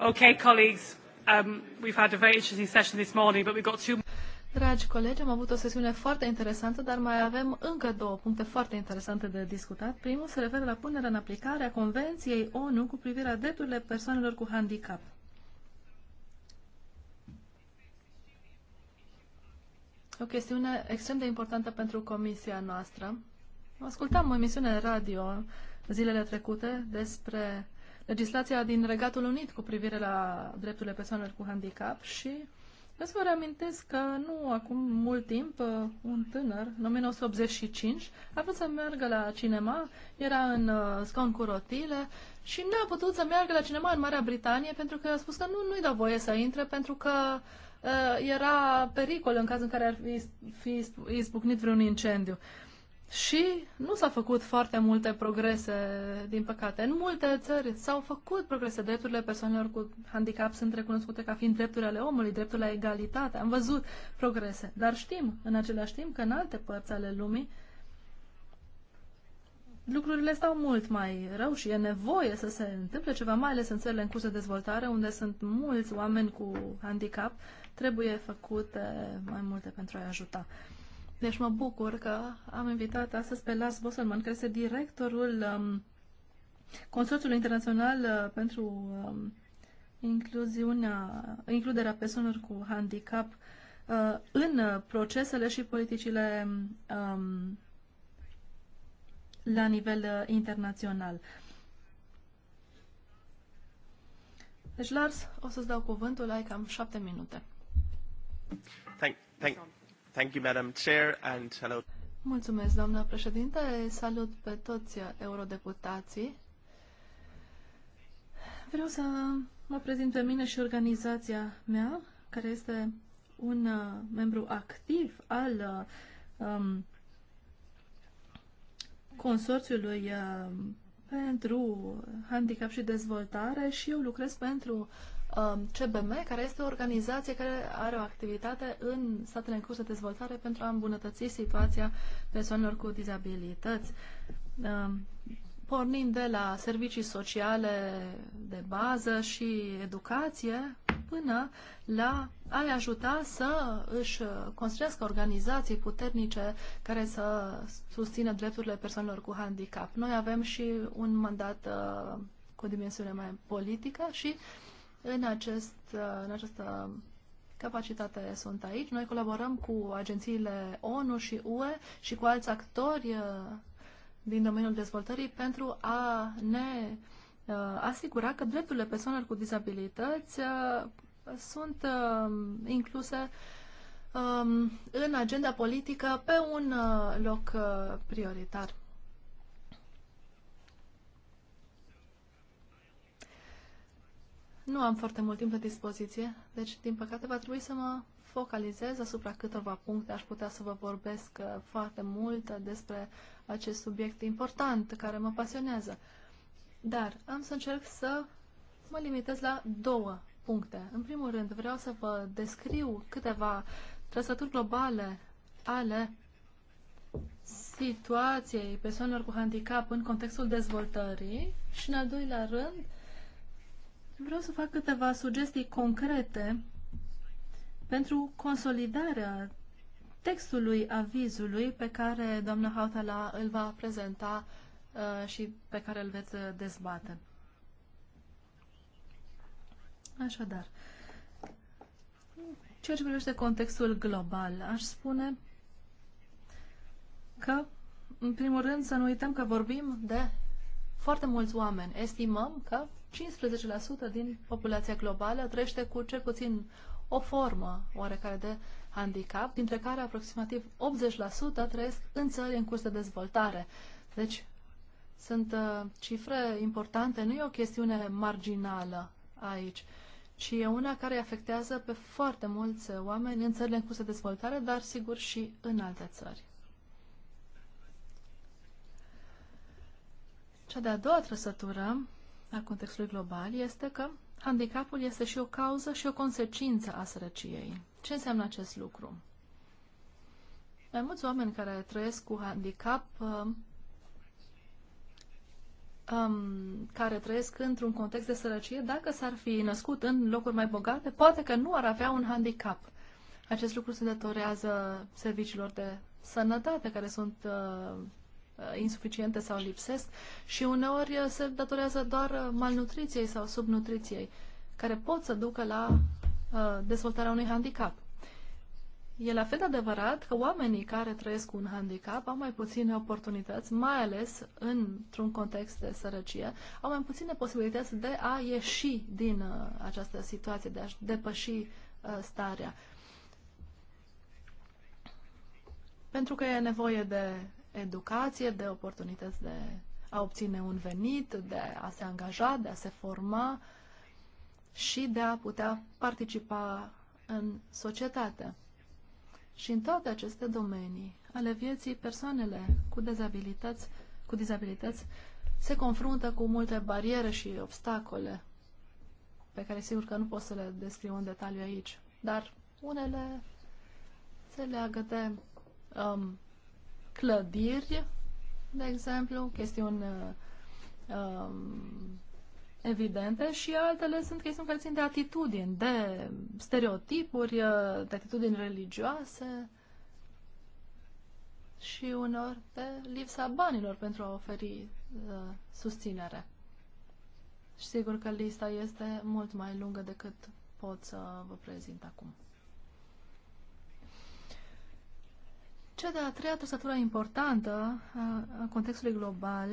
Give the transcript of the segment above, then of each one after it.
Okay, colleagues, um, we've had a very interesting session this morning, but we've got two. Dragi colegi, am avut o sesiune foarte interesantă, dar mai avem încă două puncte foarte interesante de discutat. Primul se referă la punerea în aplicare a Convenției ONU cu privire la drepturile persoanelor cu handicap. O chestiune extrem de importantă pentru comisia noastră Ascultam o emisiune radio zilele trecute despre legislația din Regatul Unit cu privire la drepturile persoanelor cu handicap și vreau să vă reamintesc că nu acum mult timp uh, un tânăr, în 1985, a vrut să meargă la cinema, era în uh, scaun cu rotile și nu a putut să meargă la cinema în Marea Britanie pentru că a spus că nu, nu-i dă voie să intre pentru că uh, era pericol în cazul în care ar fi, fi izbucnit vreun incendiu. Și nu s-au făcut foarte multe progrese, din păcate. În multe țări s-au făcut progrese. Drepturile persoanelor cu handicap sunt recunoscute ca fiind drepturi ale omului, dreptul la egalitate. Am văzut progrese. Dar știm, în același timp, că în alte părți ale lumii lucrurile stau mult mai rău și e nevoie să se întâmple ceva, mai ales în țările în curs de dezvoltare, unde sunt mulți oameni cu handicap. Trebuie făcute mai multe pentru a-i ajuta. Deci mă bucur că am invitat astăzi pe Lars Bosselman, care este directorul um, Consorțiului Internațional uh, pentru um, incluziunea, includerea persoanelor cu handicap uh, în uh, procesele și politicile um, la nivel uh, internațional. Deci, Lars, o să-ți dau cuvântul, ai cam șapte minute. Thank, thank, Thank you, Madam Chair, and hello. Mulțumesc, doamna președinte. Salut pe toți eurodeputații. Vreau să mă prezint pe mine și organizația mea, care este un uh, membru activ al uh, um, consorțiului uh, pentru handicap și dezvoltare și eu lucrez pentru CBM, um, care este o organizație care are o activitate în statele în curs de dezvoltare pentru a îmbunătăți situația persoanelor cu dizabilități. Um, pornind de la servicii sociale de bază și educație până la a-i ajuta să își construiască organizații puternice care să susțină drepturile persoanelor cu handicap. Noi avem și un mandat uh, cu dimensiune mai politică și uh, în, acest, în această capacitate sunt aici. Noi colaborăm cu agențiile ONU și UE și cu alți actori uh, din domeniul dezvoltării pentru a ne uh, asigura că drepturile persoanelor cu dizabilități uh, sunt incluse um, în agenda politică pe un loc prioritar. Nu am foarte mult timp la dispoziție, deci, din păcate, va trebui să mă focalizez asupra câteva puncte. Aș putea să vă vorbesc uh, foarte mult uh, despre acest subiect important care mă pasionează. Dar am să încerc să mă limitez la două puncte. În primul rând, vreau să vă descriu câteva trăsături globale ale situației persoanelor cu handicap în contextul dezvoltării și, în al doilea rând, Vreau să fac câteva sugestii concrete pentru consolidarea textului avizului pe care doamna Hautala îl va prezenta uh, și pe care îl veți dezbate. Așadar, ceea ce privește contextul global, aș spune că, în primul rând, să nu uităm că vorbim de foarte mulți oameni. Estimăm că 15% din populația globală trăiește cu cel puțin o formă oarecare de handicap, dintre care aproximativ 80% trăiesc în țări în curs de dezvoltare. Deci sunt uh, cifre importante, nu e o chestiune marginală aici, ci e una care afectează pe foarte mulți oameni în țările în curs de dezvoltare, dar sigur și în alte țări. Cea de-a doua trăsătură a contextului global este că handicapul este și o cauză și o consecință a sărăciei. Ce înseamnă acest lucru? Mai mulți oameni care trăiesc cu handicap, uh, um, care trăiesc într-un context de sărăcie, dacă s-ar fi născut în locuri mai bogate, poate că nu ar avea un handicap. Acest lucru se datorează serviciilor de sănătate care sunt uh, Uh, insuficiente sau lipsesc și uneori uh, se datorează doar uh, malnutriției sau subnutriției, care pot să ducă la dezvoltarea unui handicap. E la fel de adevărat că oamenii care trăiesc cu un handicap au mai puține oportunități, mai ales într-un context de sărăcie, au mai puține posibilități de a ieși din uh, această situație, de a depăși uh, starea. Pentru că e nevoie de educație, de oportunități de a obține un venit, de a se angaja, de a se forma și de a putea participa în societate. Și în toate aceste domenii ale vieții, persoanele cu dizabilități, cu dizabilități se confruntă cu multe bariere și obstacole, pe care sigur că nu pot să le descriu în detaliu aici, dar unele se leagă de um, clădiri, de exemplu, chestiuni uh, um, evidente și altele sunt chestiuni care țin de atitudini, de stereotipuri, uh, de atitudini religioase și unor de lipsa banilor pentru a oferi uh, susținere. Și sigur că lista este mult mai lungă decât pot să vă prezint acum. Cea de-a treia trăsătură importantă a contextului global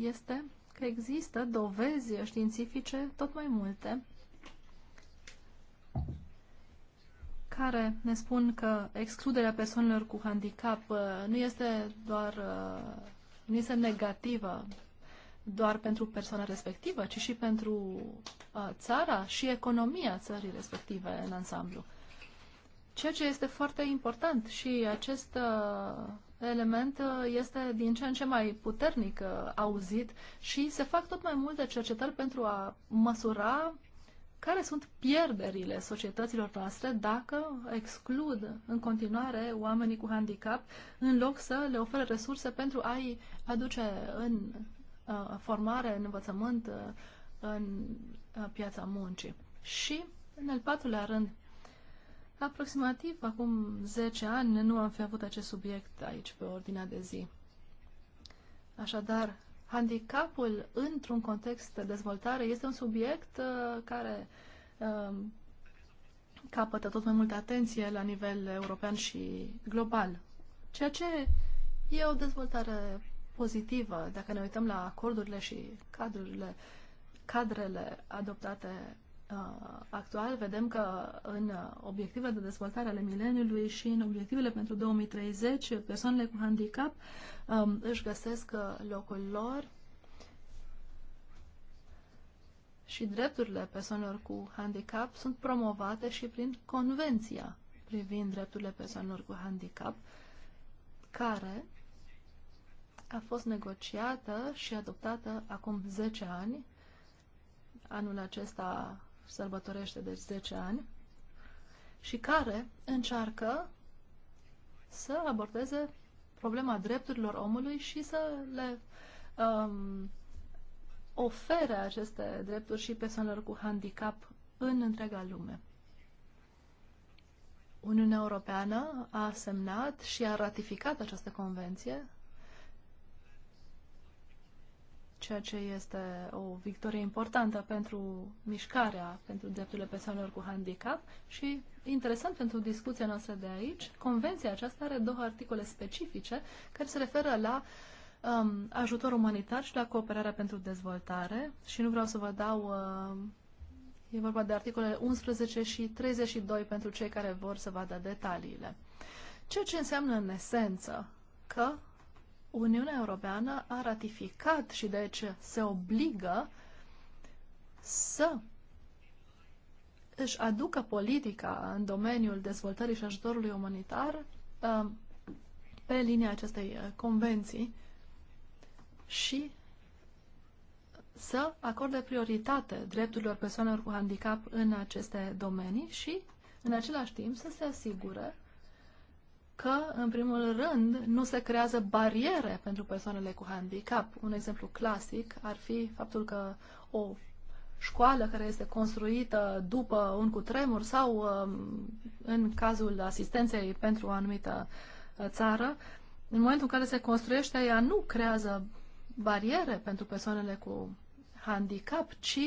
este că există dovezi științifice tot mai multe care ne spun că excluderea persoanelor cu handicap uh, nu este doar uh, nu este negativă doar pentru persoana respectivă, ci și pentru uh, țara și economia țării respective în ansamblu. Ceea ce este foarte important și acest uh, element uh, este din ce în ce mai puternic uh, auzit și se fac tot mai multe cercetări pentru a măsura care sunt pierderile societăților noastre dacă exclud în continuare oamenii cu handicap în loc să le ofere resurse pentru a-i aduce în formare, în învățământ, în piața muncii. Și, în al patrulea rând, Aproximativ acum 10 ani nu am fi avut acest subiect aici pe ordinea de zi. Așadar, handicapul într-un context de dezvoltare este un subiect uh, care uh, capătă tot mai multă atenție la nivel european și global. Ceea ce e o dezvoltare pozitivă dacă ne uităm la acordurile și cadrurile, cadrele adoptate Uh, actual, vedem că în uh, obiectivele de dezvoltare ale mileniului și în obiectivele pentru 2030, persoanele cu handicap um, își găsesc uh, locul lor și drepturile persoanelor cu handicap sunt promovate și prin Convenția privind drepturile persoanelor cu handicap, care a fost negociată și adoptată acum 10 ani anul acesta sărbătorește de deci, 10 ani și care încearcă să abordeze problema drepturilor omului și să le um, ofere aceste drepturi și persoanelor cu handicap în întreaga lume. Uniunea Europeană a semnat și a ratificat această convenție ceea ce este o victorie importantă pentru mișcarea, pentru drepturile persoanelor cu handicap și interesant pentru discuția noastră de aici, convenția aceasta are două articole specifice care se referă la um, ajutor umanitar și la cooperarea pentru dezvoltare și nu vreau să vă dau uh, E vorba de articolele 11 și 32 pentru cei care vor să vadă detaliile. Ceea ce înseamnă în esență că Uniunea Europeană a ratificat și deci se obligă să își aducă politica în domeniul dezvoltării și ajutorului umanitar um, pe linia acestei uh, convenții și să acorde prioritate drepturilor persoanelor cu handicap în aceste domenii și, în același timp, să se asigure că, în primul rând, nu se creează bariere pentru persoanele cu handicap. Un exemplu clasic ar fi faptul că o școală care este construită după un cutremur sau um, în cazul asistenței pentru o anumită uh, țară, în momentul în care se construiește, ea nu creează bariere pentru persoanele cu handicap, ci,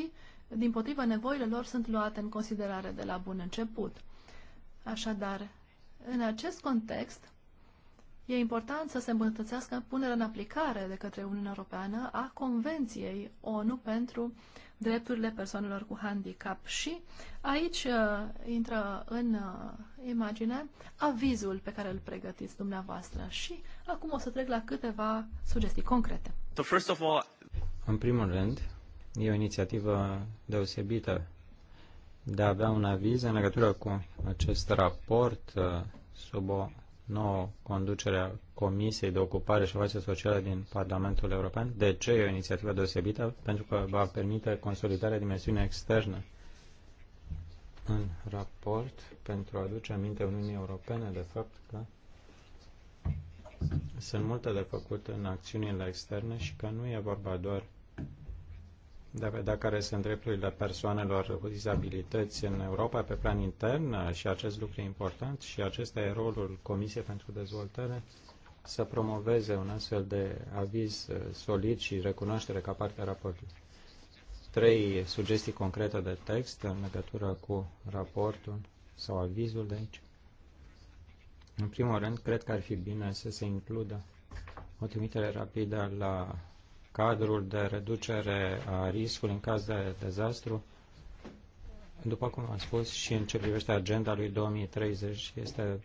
din potrivă, nevoile lor sunt luate în considerare de la bun început. Așadar, în acest context, e important să se îmbunătățească punerea în aplicare de către Uniunea Europeană a Convenției ONU pentru drepturile persoanelor cu handicap. Și aici uh, intră în uh, imagine avizul pe care îl pregătiți dumneavoastră. Și acum o să trec la câteva sugestii concrete. So first of all... În primul rând, e o inițiativă deosebită de a avea un aviz în legătură cu acest raport uh, sub o nouă conducere a Comisiei de Ocupare și Afaceri Sociale din Parlamentul European. De ce e o inițiativă deosebită? Pentru că va permite consolidarea dimensiunii externe în raport pentru a aduce aminte Uniunii Europene de fapt că sunt multe de făcut în acțiunile externe și că nu e vorba doar de a vedea care sunt drepturile persoanelor cu dizabilități în Europa pe plan intern și acest lucru e important și acesta e rolul Comisiei pentru Dezvoltare să promoveze un astfel de aviz uh, solid și recunoaștere ca parte a raportului. Trei sugestii concrete de text în legătură cu raportul sau avizul de aici. În primul rând, cred că ar fi bine să se includă o trimitere rapidă la cadrul de reducere a riscului în caz de dezastru, după cum am spus, și în ce privește agenda lui 2030 este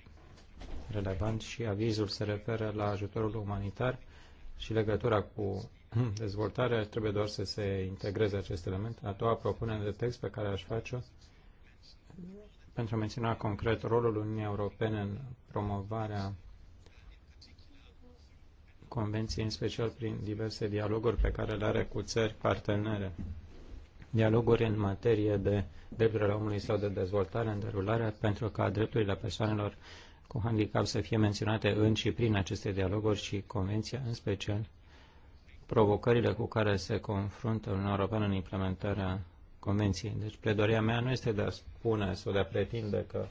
relevant și avizul se referă la ajutorul umanitar și legătura cu dezvoltarea, trebuie doar să se integreze acest element. A doua propunere de text pe care aș face-o pentru a menționa concret rolul Uniunii Europene în promovarea Convenției, în special prin diverse dialoguri pe care le are cu țări partenere. Dialoguri în materie de drepturile omului sau de dezvoltare în derulare pentru ca drepturile persoanelor cu handicap să fie menționate în și prin aceste dialoguri și Convenția, în special provocările cu care se confruntă Uniunea Europeană în implementarea Convenției. Deci pledoria mea nu este de a spune sau de a pretinde că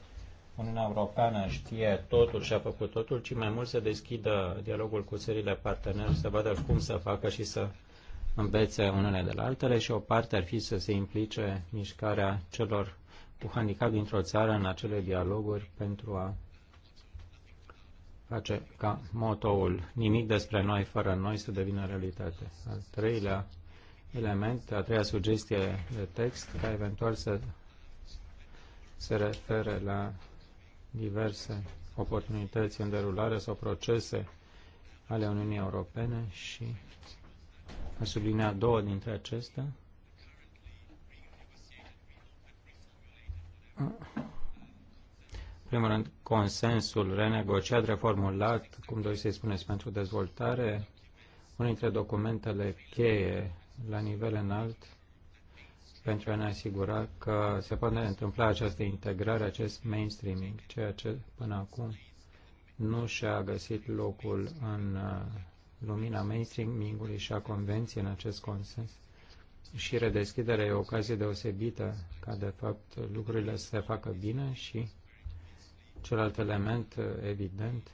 Uniunea Europeană știe totul și a făcut totul, ci mai mult să deschidă dialogul cu țările parteneri, să vadă cum să facă și să învețe unele de la altele și o parte ar fi să se implice mișcarea celor cu handicap dintr-o țară în acele dialoguri pentru a face ca motoul nimic despre noi fără noi să devină realitate. Al treilea element, a treia sugestie de text, ca eventual să se refere la diverse oportunități în derulare sau procese ale Uniunii Europene și a sublinea două dintre acestea. În primul rând, consensul renegociat, reformulat, cum doriți să-i spuneți, pentru dezvoltare, unul dintre documentele cheie la nivel înalt pentru a ne asigura că se poate întâmpla această integrare, acest mainstreaming, ceea ce până acum nu și-a găsit locul în uh, lumina mainstreamingului și a convenției în acest consens. Și redeschiderea e o ocazie deosebită ca, de fapt, lucrurile să se facă bine și celălalt element, uh, evident,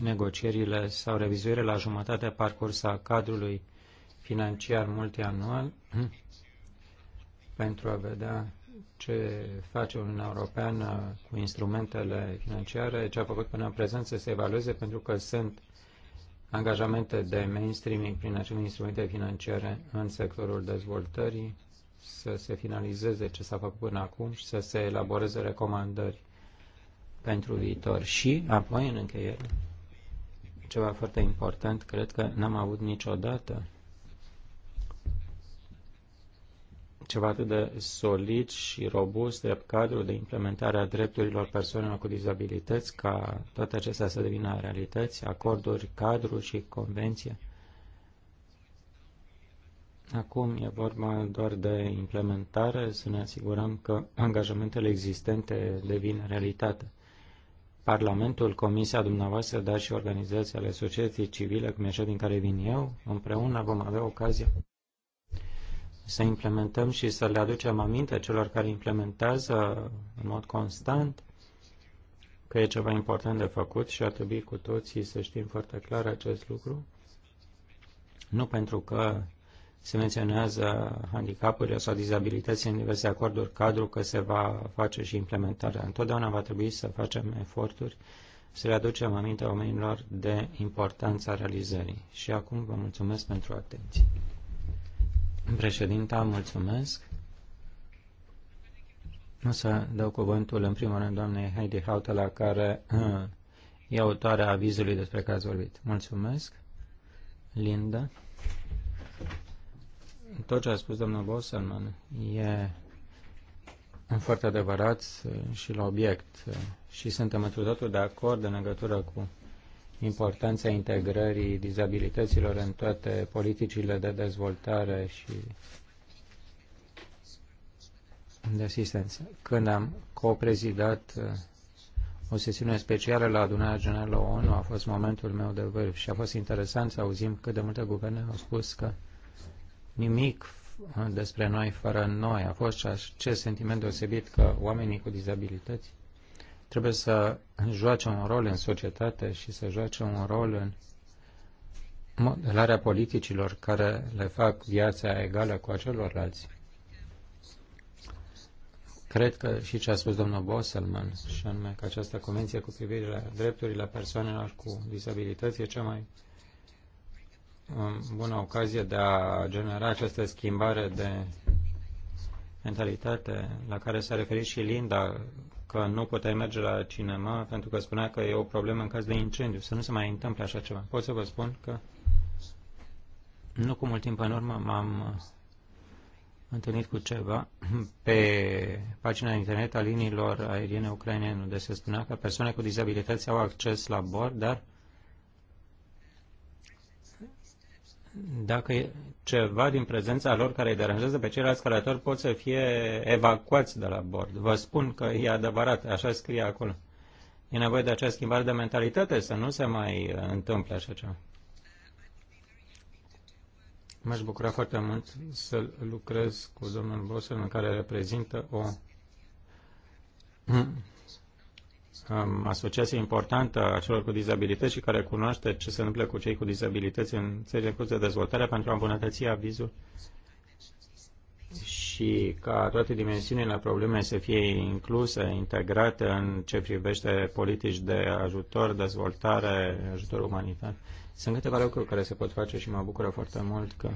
negocierile sau revizuirea la jumătate parcursa a cadrului financiar multianual pentru a vedea ce face Uniunea Europeană cu instrumentele financiare, ce a făcut până în prezent să se evalueze, pentru că sunt angajamente de mainstreaming prin acele instrumente financiare în sectorul dezvoltării, să se finalizeze ce s-a făcut până acum și să se elaboreze recomandări pentru viitor. Și, apoi, în încheiere, ceva foarte important, cred că n-am avut niciodată ceva atât de solid și robust de cadru de implementare a drepturilor persoanelor cu dizabilități ca toate acestea să devină realități, acorduri, cadru și convenție. Acum e vorba doar de implementare, să ne asigurăm că angajamentele existente devin realitate. Parlamentul, Comisia dumneavoastră, dar și organizațiile societății civile, cum e așa din care vin eu, împreună vom avea ocazia să implementăm și să le aducem aminte celor care implementează în mod constant că e ceva important de făcut și ar trebui cu toții să știm foarte clar acest lucru. Nu pentru că se menționează handicapurile sau dizabilități în diverse acorduri cadru că se va face și implementarea. Întotdeauna va trebui să facem eforturi să le aducem aminte oamenilor de importanța realizării. Și acum vă mulțumesc pentru atenție. Președinta, mulțumesc. O să dau cuvântul în primul rând doamnei Heidi Hautala, care e autoarea avizului despre care ați vorbit. Mulțumesc. Linda. Tot ce a spus domnul Bosselman e foarte adevărat și la obiect și suntem într o de acord în legătură cu importanța integrării dizabilităților în toate politicile de dezvoltare și de asistență. Când am coprezidat uh, o sesiune specială la adunarea generală ONU, a fost momentul meu de vârf și a fost interesant să auzim cât de multe guverne au spus că nimic uh, despre noi fără noi. A fost ce sentiment deosebit că oamenii cu dizabilități trebuie să joace un rol în societate și să joace un rol în modelarea politicilor care le fac viața egală cu acelorlalți. Cred că și ce a spus domnul Bosselman, și anume că această convenție cu privire la drepturile persoanelor cu dizabilități e cea mai um, bună ocazie de a genera această schimbare de mentalitate la care s-a referit și Linda că nu puteai merge la cinema pentru că spunea că e o problemă în caz de incendiu, să nu se mai întâmple așa ceva. Pot să vă spun că nu cu mult timp în urmă m-am uh, întâlnit cu ceva pe pagina internet a liniilor aeriene ucrainene, unde se spunea că persoane cu dizabilități au acces la bord, dar dacă ceva din prezența lor care îi deranjează pe ceilalți călători pot să fie evacuați de la bord. Vă spun că e adevărat, așa scrie acolo. E nevoie de acea schimbare de mentalitate să nu se mai întâmple așa ceva. M-aș bucura foarte mult să lucrez cu domnul Bosel, în care reprezintă o asociație importantă a celor cu dizabilități și care cunoaște ce se întâmplă cu cei cu dizabilități în țările cu de dezvoltare pentru a îmbunătăți avizul și ca toate dimensiunile problemei să fie incluse, integrate în ce privește politici de ajutor, dezvoltare, ajutor umanitar. Sunt câteva lucruri care se pot face și mă bucură foarte mult că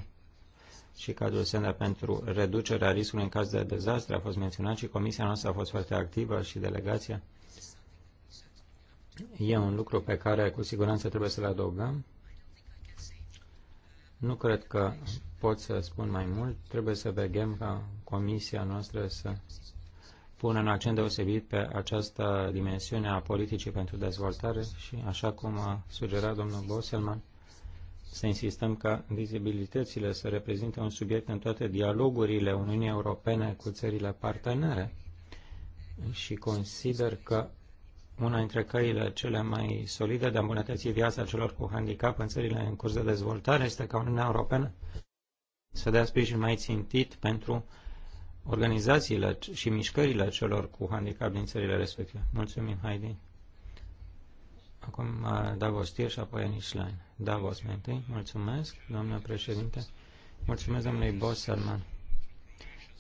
și cadrul SENDA pentru reducerea riscului în caz de dezastre a fost menționat și comisia noastră a fost foarte activă și delegația E un lucru pe care cu siguranță trebuie să-l adăugăm. Nu cred că pot să spun mai mult. Trebuie să vegem ca comisia noastră să pună în accent deosebit pe această dimensiune a politicii pentru dezvoltare și, așa cum a sugerat domnul Boselman, să insistăm ca vizibilitățile să reprezinte un subiect în toate dialogurile Uniunii Europene cu țările partenere și consider că una dintre căile cele mai solide de a îmbunătăți viața celor cu handicap în țările în curs de dezvoltare este ca Uniunea Europeană să dea sprijin mai țintit pentru organizațiile și mișcările celor cu handicap din țările respective. Mulțumim, Heidi. Acum uh, Davos Tier și apoi Anishlein. Davos mai întâi. Mulțumesc, doamnă președinte. Mulțumesc, domnului Bosselman.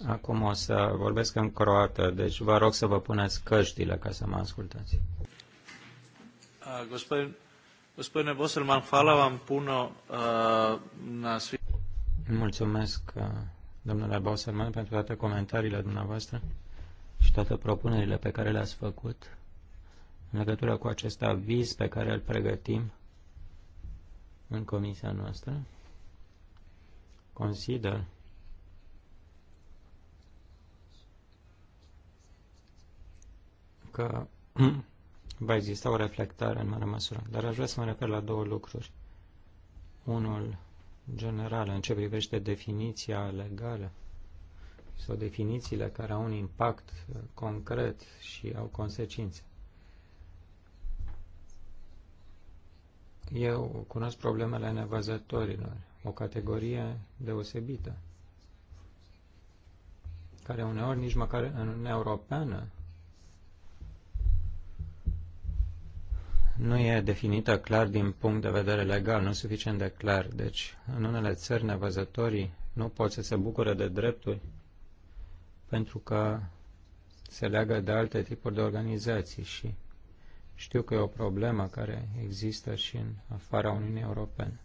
Acum o să vorbesc în croată, deci vă rog să vă puneți căștile ca să mă ascultați. Gospodine Boselman, hvala vam puno na svi... Mulțumesc, domnule Boselman, pentru toate comentariile dumneavoastră și toate propunerile pe care le-ați făcut în legătură cu acest aviz pe care îl pregătim în comisia noastră. Consider că va exista o reflectare în mare măsură, dar aș vrea să mă refer la două lucruri. Unul general, în ce privește definiția legală sau definițiile care au un impact concret și au consecințe. Eu cunosc problemele nevăzătorilor, o categorie deosebită, care uneori nici măcar în Uniunea Europeană nu e definită clar din punct de vedere legal, nu suficient de clar. Deci, în unele țări, nevăzătorii nu pot să se bucure de drepturi pentru că se leagă de alte tipuri de organizații și știu că e o problemă care există și în afara Uniunii Europene.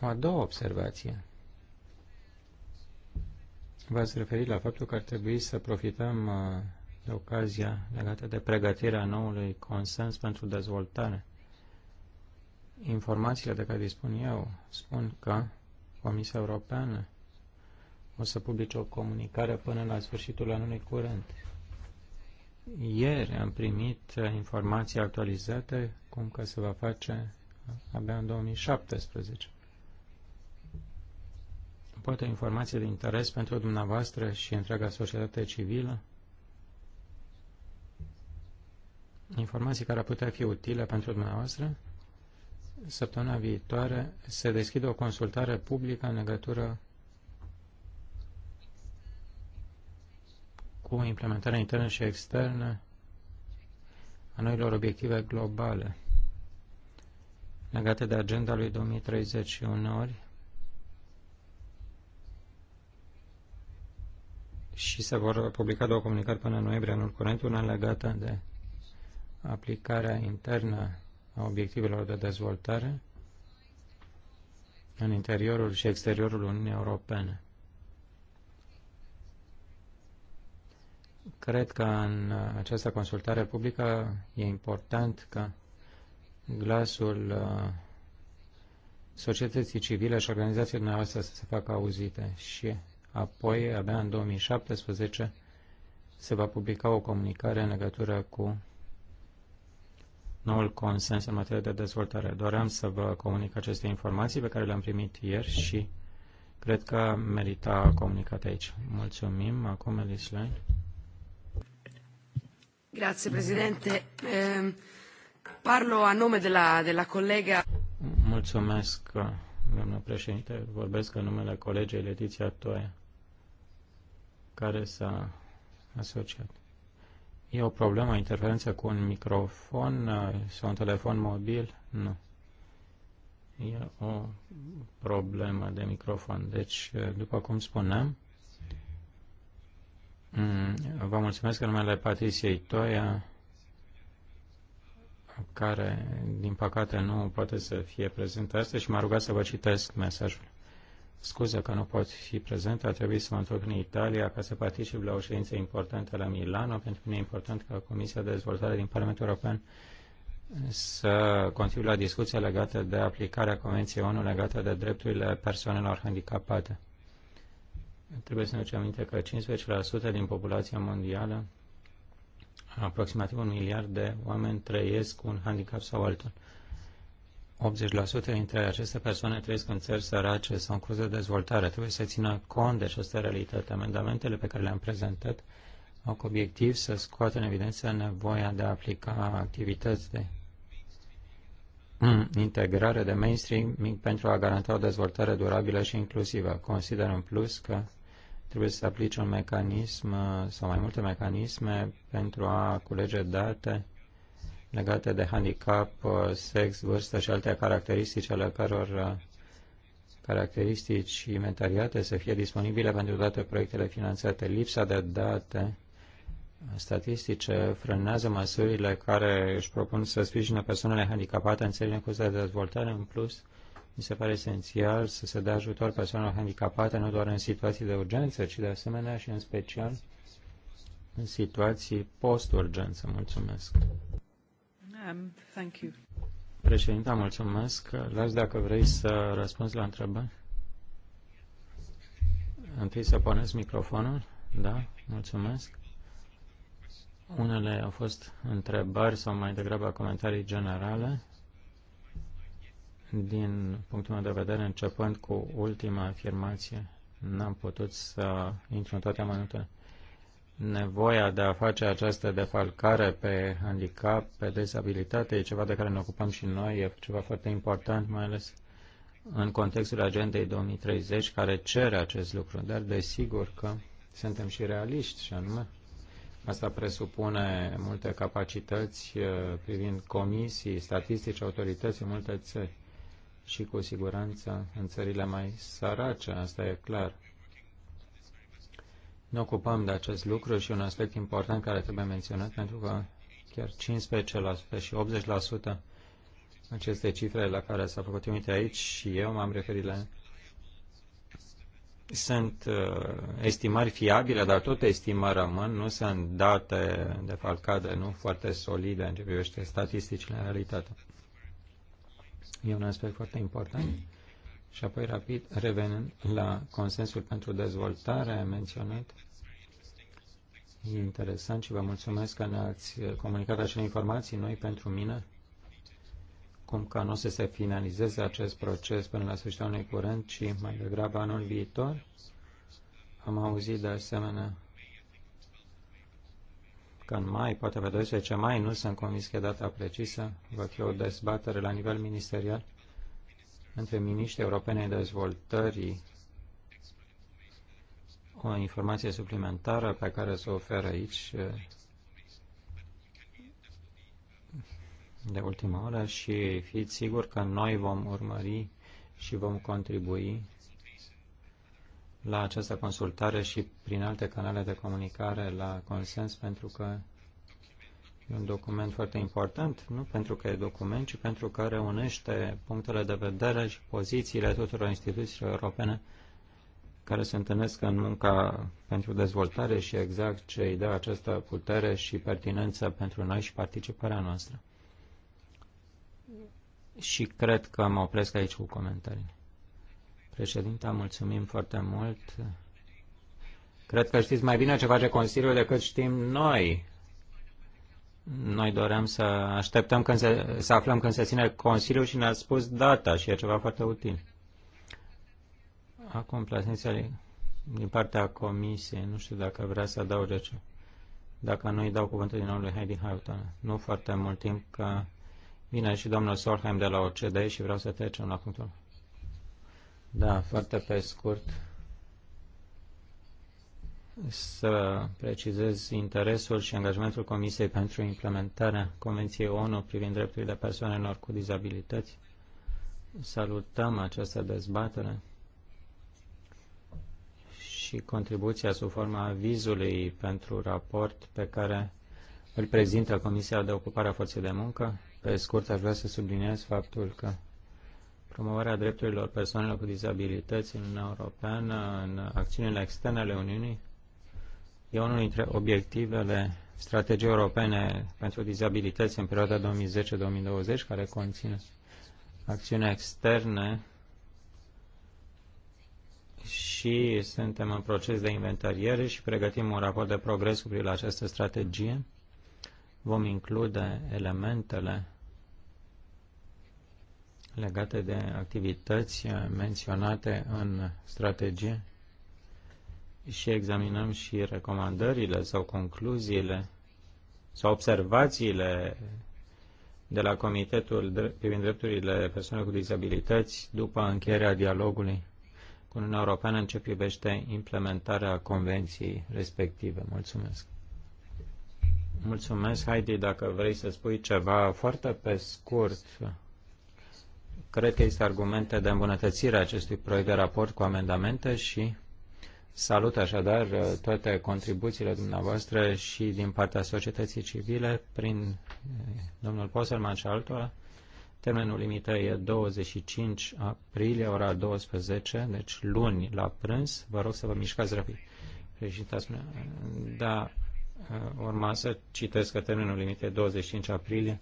O a doua observație. V-ați referit la faptul că ar trebui să profităm uh, de ocazia legată de pregătirea noului consens pentru dezvoltare. Informațiile de care dispun eu spun că Comisia Europeană o să publice o comunicare până la sfârșitul anului curent. Ieri am primit informații actualizate cum că se va face abia în 2017. Poate informații de interes pentru dumneavoastră și întreaga societate civilă informații care ar putea fi utile pentru dumneavoastră. Săptămâna viitoare se deschide o consultare publică în legătură cu implementarea internă și externă a noilor obiective globale legate de agenda lui 2030 și uneori și se vor publica două comunicări până în noiembrie anul curent, una legată de aplicarea internă a obiectivelor de dezvoltare în interiorul și exteriorul Uniunii Europene. Cred că în această consultare publică e important ca glasul uh, societății civile și organizațiilor dumneavoastră să se facă auzite și apoi, abia în 2017, se va publica o comunicare în legătură cu noul consens în materie de dezvoltare. Doream să vă comunic aceste informații pe care le-am primit ieri și cred că merita comunicat aici. Mulțumim. Acum, Elis Lein. Grazie, Presidente. Ehm, parlo a nome de la colega... Mulțumesc, doamnă președinte. Vorbesc în numele colegei Letizia Toia, care s-a asociat. E o problemă, interferență cu un microfon uh, sau un telefon mobil? Nu. E o problemă de microfon. Deci, uh, după cum spuneam, mm, vă mulțumesc în numele Patriciei Toia, care, din păcate, nu poate să fie prezentă astăzi și m-a rugat să vă citesc mesajul scuză că nu pot fi prezent, a trebuit să mă întorc în Italia ca să particip la o ședință importantă la Milano. Pentru mine e important ca Comisia de Dezvoltare din Parlamentul European să contribuie la discuția legată de aplicarea Convenției ONU legată de drepturile persoanelor handicapate. Trebuie să ne ducem aminte că 15% din populația mondială, aproximativ un miliard de oameni, trăiesc cu un handicap sau altul. 80% dintre aceste persoane trăiesc în țări sărace sau în curs de dezvoltare. Trebuie să țină cont de această realitate. Amendamentele pe care le-am prezentat au cu obiectiv să scoată în evidență nevoia de a aplica activități de integrare de mainstream pentru a garanta o dezvoltare durabilă și inclusivă. Consider în plus că trebuie să aplice un mecanism sau mai multe mecanisme pentru a culege date legate de handicap, uh, sex, vârstă și alte caracteristici ale căror uh, caracteristici inventariate să fie disponibile pentru toate proiectele finanțate. Lipsa de date statistice frânează măsurile care își propun să sprijină persoanele handicapate în țările cu de dezvoltare. În plus, mi se pare esențial să se dea ajutor persoanelor handicapate nu doar în situații de urgență, ci de asemenea și în special în situații post-urgență. Mulțumesc! Thank you. Președinta, mulțumesc. Las dacă vrei să răspunzi la întrebări. Întâi să puneți microfonul. Da, mulțumesc. Unele au fost întrebări sau mai degrabă comentarii generale. Din punctul meu de vedere, începând cu ultima afirmație, n-am putut să intru în toate amănuntele nevoia de a face această defalcare pe handicap, pe dezabilitate, e ceva de care ne ocupăm și noi, e ceva foarte important, mai ales în contextul agendei 2030 care cere acest lucru, dar desigur că suntem și realiști și anume asta presupune multe capacități uh, privind comisii, statistici, autorități în multe țări și cu siguranță în țările mai sărace, asta e clar. Ne ocupăm de acest lucru și un aspect important care trebuie menționat, pentru că chiar 15% și 80% aceste cifre la care s-a făcut trimite aici și eu m-am referit la sunt uh, estimări fiabile, dar tot estimări rămân, nu sunt date de falcade, nu foarte solide în ce privește statisticile în realitate. E un aspect foarte important și apoi, rapid, revenind la consensul pentru dezvoltare menționat, interesant și vă mulțumesc că ne-ați comunicat acele informații noi pentru mine, cum că nu o să se finalizeze acest proces până la sfârșitul unui curent, ci mai degrabă anul viitor. Am auzit de asemenea că în mai, poate pe 12 mai, nu sunt convins că data precisă, va fi o dezbatere la nivel ministerial între miniștrii europene de dezvoltării o informație suplimentară pe care să o ofer aici de ultima oră și fiți sigur că noi vom urmări și vom contribui la această consultare și prin alte canale de comunicare la consens pentru că E un document foarte important, nu pentru că e document, ci pentru că reunește punctele de vedere și pozițiile tuturor instituțiilor europene care se întâlnesc în munca pentru dezvoltare și exact ce îi dă această putere și pertinență pentru noi și participarea noastră. Și cred că mă opresc aici cu comentarii. Președinte, mulțumim foarte mult. Cred că știți mai bine ce face Consiliul decât știm noi noi doream să așteptăm când se, să aflăm când se ține Consiliul și ne-a spus data și e ceva foarte util. Acum, plasența din partea Comisiei, nu știu dacă vrea să adauge ce. Dacă nu, îi dau cuvântul din nou lui Heidi Houghton. Nu foarte mult timp, că vine și domnul Solheim de la OCD și vreau să trecem la punctul. Da, foarte pe scurt să precizez interesul și angajamentul Comisiei pentru implementarea Convenției ONU privind drepturile persoanelor cu dizabilități. Salutăm această dezbatere și contribuția sub forma avizului pentru raport pe care îl prezintă Comisia de Ocupare a Forței de Muncă. Pe scurt, aș vrea să subliniez faptul că promovarea drepturilor persoanelor cu dizabilități în Uniunea Europeană, în acțiunile externe ale Uniunii, E unul dintre obiectivele strategiei europene pentru dizabilități în perioada 2010-2020, care conține acțiune externe și suntem în proces de inventariere și pregătim un raport de progres cu privire la această strategie. Vom include elementele legate de activități menționate în strategie și examinăm și recomandările sau concluziile sau observațiile de la Comitetul privind drepturile persoanelor cu dizabilități după încheierea dialogului cu Uniunea Europeană în ce privește implementarea convenției respective. Mulțumesc! Mulțumesc, Heidi, dacă vrei să spui ceva foarte pe scurt. Cred că este argumente de îmbunătățire a acestui proiect de raport cu amendamente și Salut așadar uh, toate contribuțiile dumneavoastră și din partea societății civile prin uh, domnul Poselman și altora. Termenul limită e 25 aprilie, ora 12, deci luni la prânz. Vă rog să vă mișcați rapid. Președinta spune, uh, da, urma să citesc că termenul limită e 25 aprilie.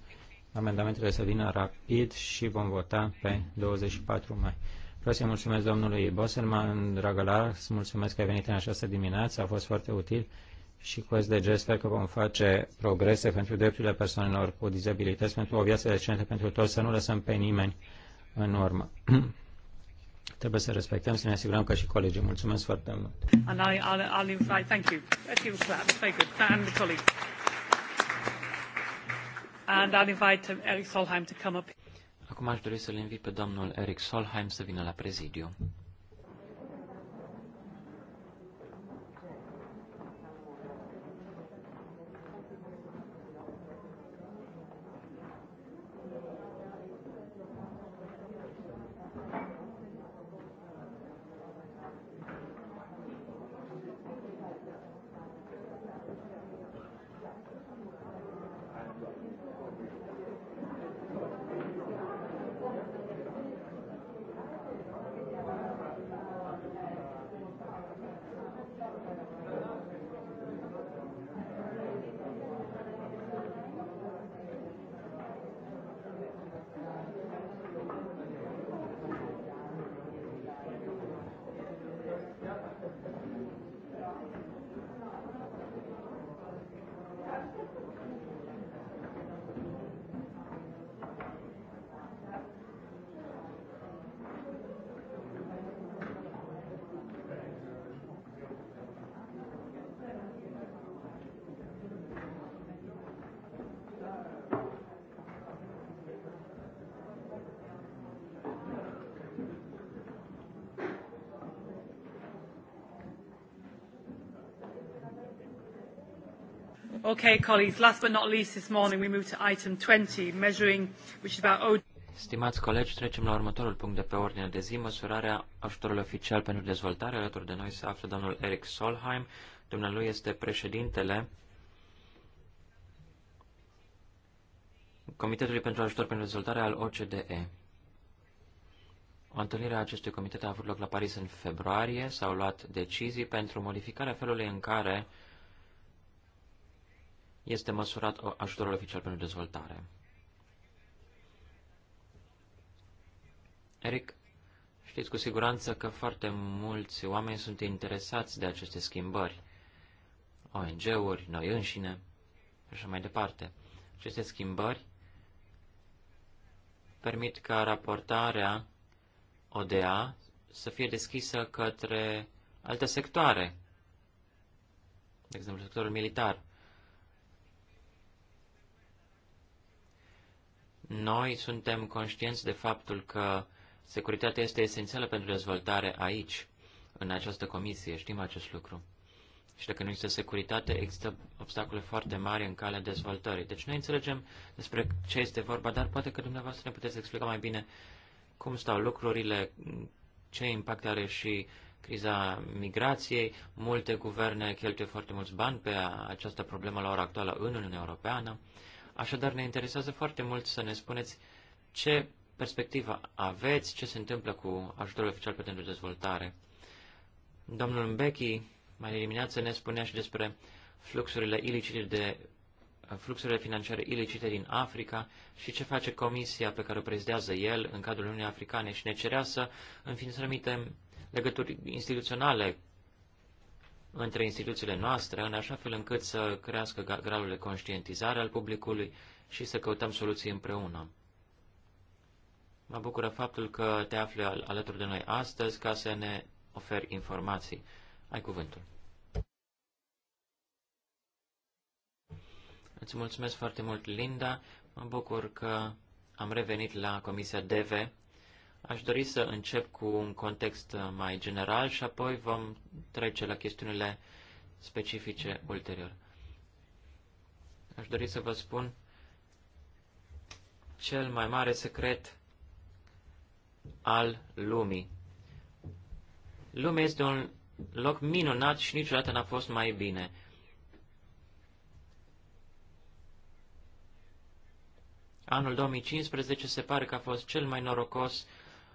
Amendamentele să vină rapid și vom vota pe 24 mai. Vreau să-i mulțumesc domnului Boselman, dragă la, mulțumesc că ai venit în această dimineață, a fost foarte util și cu SDG sper că vom face progrese pentru drepturile persoanelor cu dizabilități, pentru o viață decentă pentru toți, să nu lăsăm pe nimeni în urmă. Trebuie să respectăm, să ne asigurăm că și colegii. Mulțumesc foarte mult. And I, I'll, I'll invite, thank you. thank you a clap. Very good. And the colleagues. And I'll invite uh, Eric Solheim to come up. Acum aș dori să-l invit pe domnul Eric Solheim să vină la prezidiu. Okay, colleagues, last but not least this morning we move to item 20, measuring, which is about Stimați colegi, trecem la următorul punct de pe ordine de zi, măsurarea ajutorului oficial pentru dezvoltare. Alături de noi se află domnul Eric Solheim. Dumnealui este președintele Comitetului pentru Ajutor pentru Dezvoltare al OCDE. O întâlnire a acestui comitet a avut loc la Paris în februarie. S-au luat decizii pentru modificarea felului în care uh, este măsurat ajutorul oficial pentru dezvoltare. Eric, știți cu siguranță că foarte mulți oameni sunt interesați de aceste schimbări. ONG-uri, noi înșine și așa mai departe. Aceste schimbări permit ca raportarea ODA să fie deschisă către alte sectoare, de exemplu sectorul militar. Noi suntem conștienți de faptul că securitatea este esențială pentru dezvoltare aici, în această comisie, știm acest lucru. Și dacă nu există securitate, există obstacole foarte mari în calea dezvoltării. Deci noi înțelegem despre ce este vorba, dar poate că dumneavoastră ne puteți explica mai bine cum stau lucrurile, ce impact are și criza migrației. Multe guverne cheltuie foarte mulți bani pe această problemă la ora actuală în Uniunea Europeană. Așadar, ne interesează foarte mult să ne spuneți ce perspectivă aveți, ce se întâmplă cu ajutorul oficial pentru dezvoltare. Domnul Mbeki, mai dimineață, ne spunea și despre fluxurile ilicite de fluxurile financiare ilicite din Africa și ce face comisia pe care o prezidează el în cadrul Uniunii Africane și ne cerea să înființăm legături instituționale între instituțiile noastre, în așa fel încât să crească gradul de conștientizare al publicului și să căutăm soluții împreună. Mă bucură faptul că te afli al alături de noi astăzi ca să ne oferi informații. Ai cuvântul. Îți mulțumesc foarte mult, Linda. Mă bucur că am revenit la Comisia DV Aș dori să încep cu un context mai general și apoi vom trece la chestiunile specifice ulterior. Aș dori să vă spun cel mai mare secret al lumii. Lumea este un loc minunat și niciodată n-a fost mai bine. Anul 2015 se pare că a fost cel mai norocos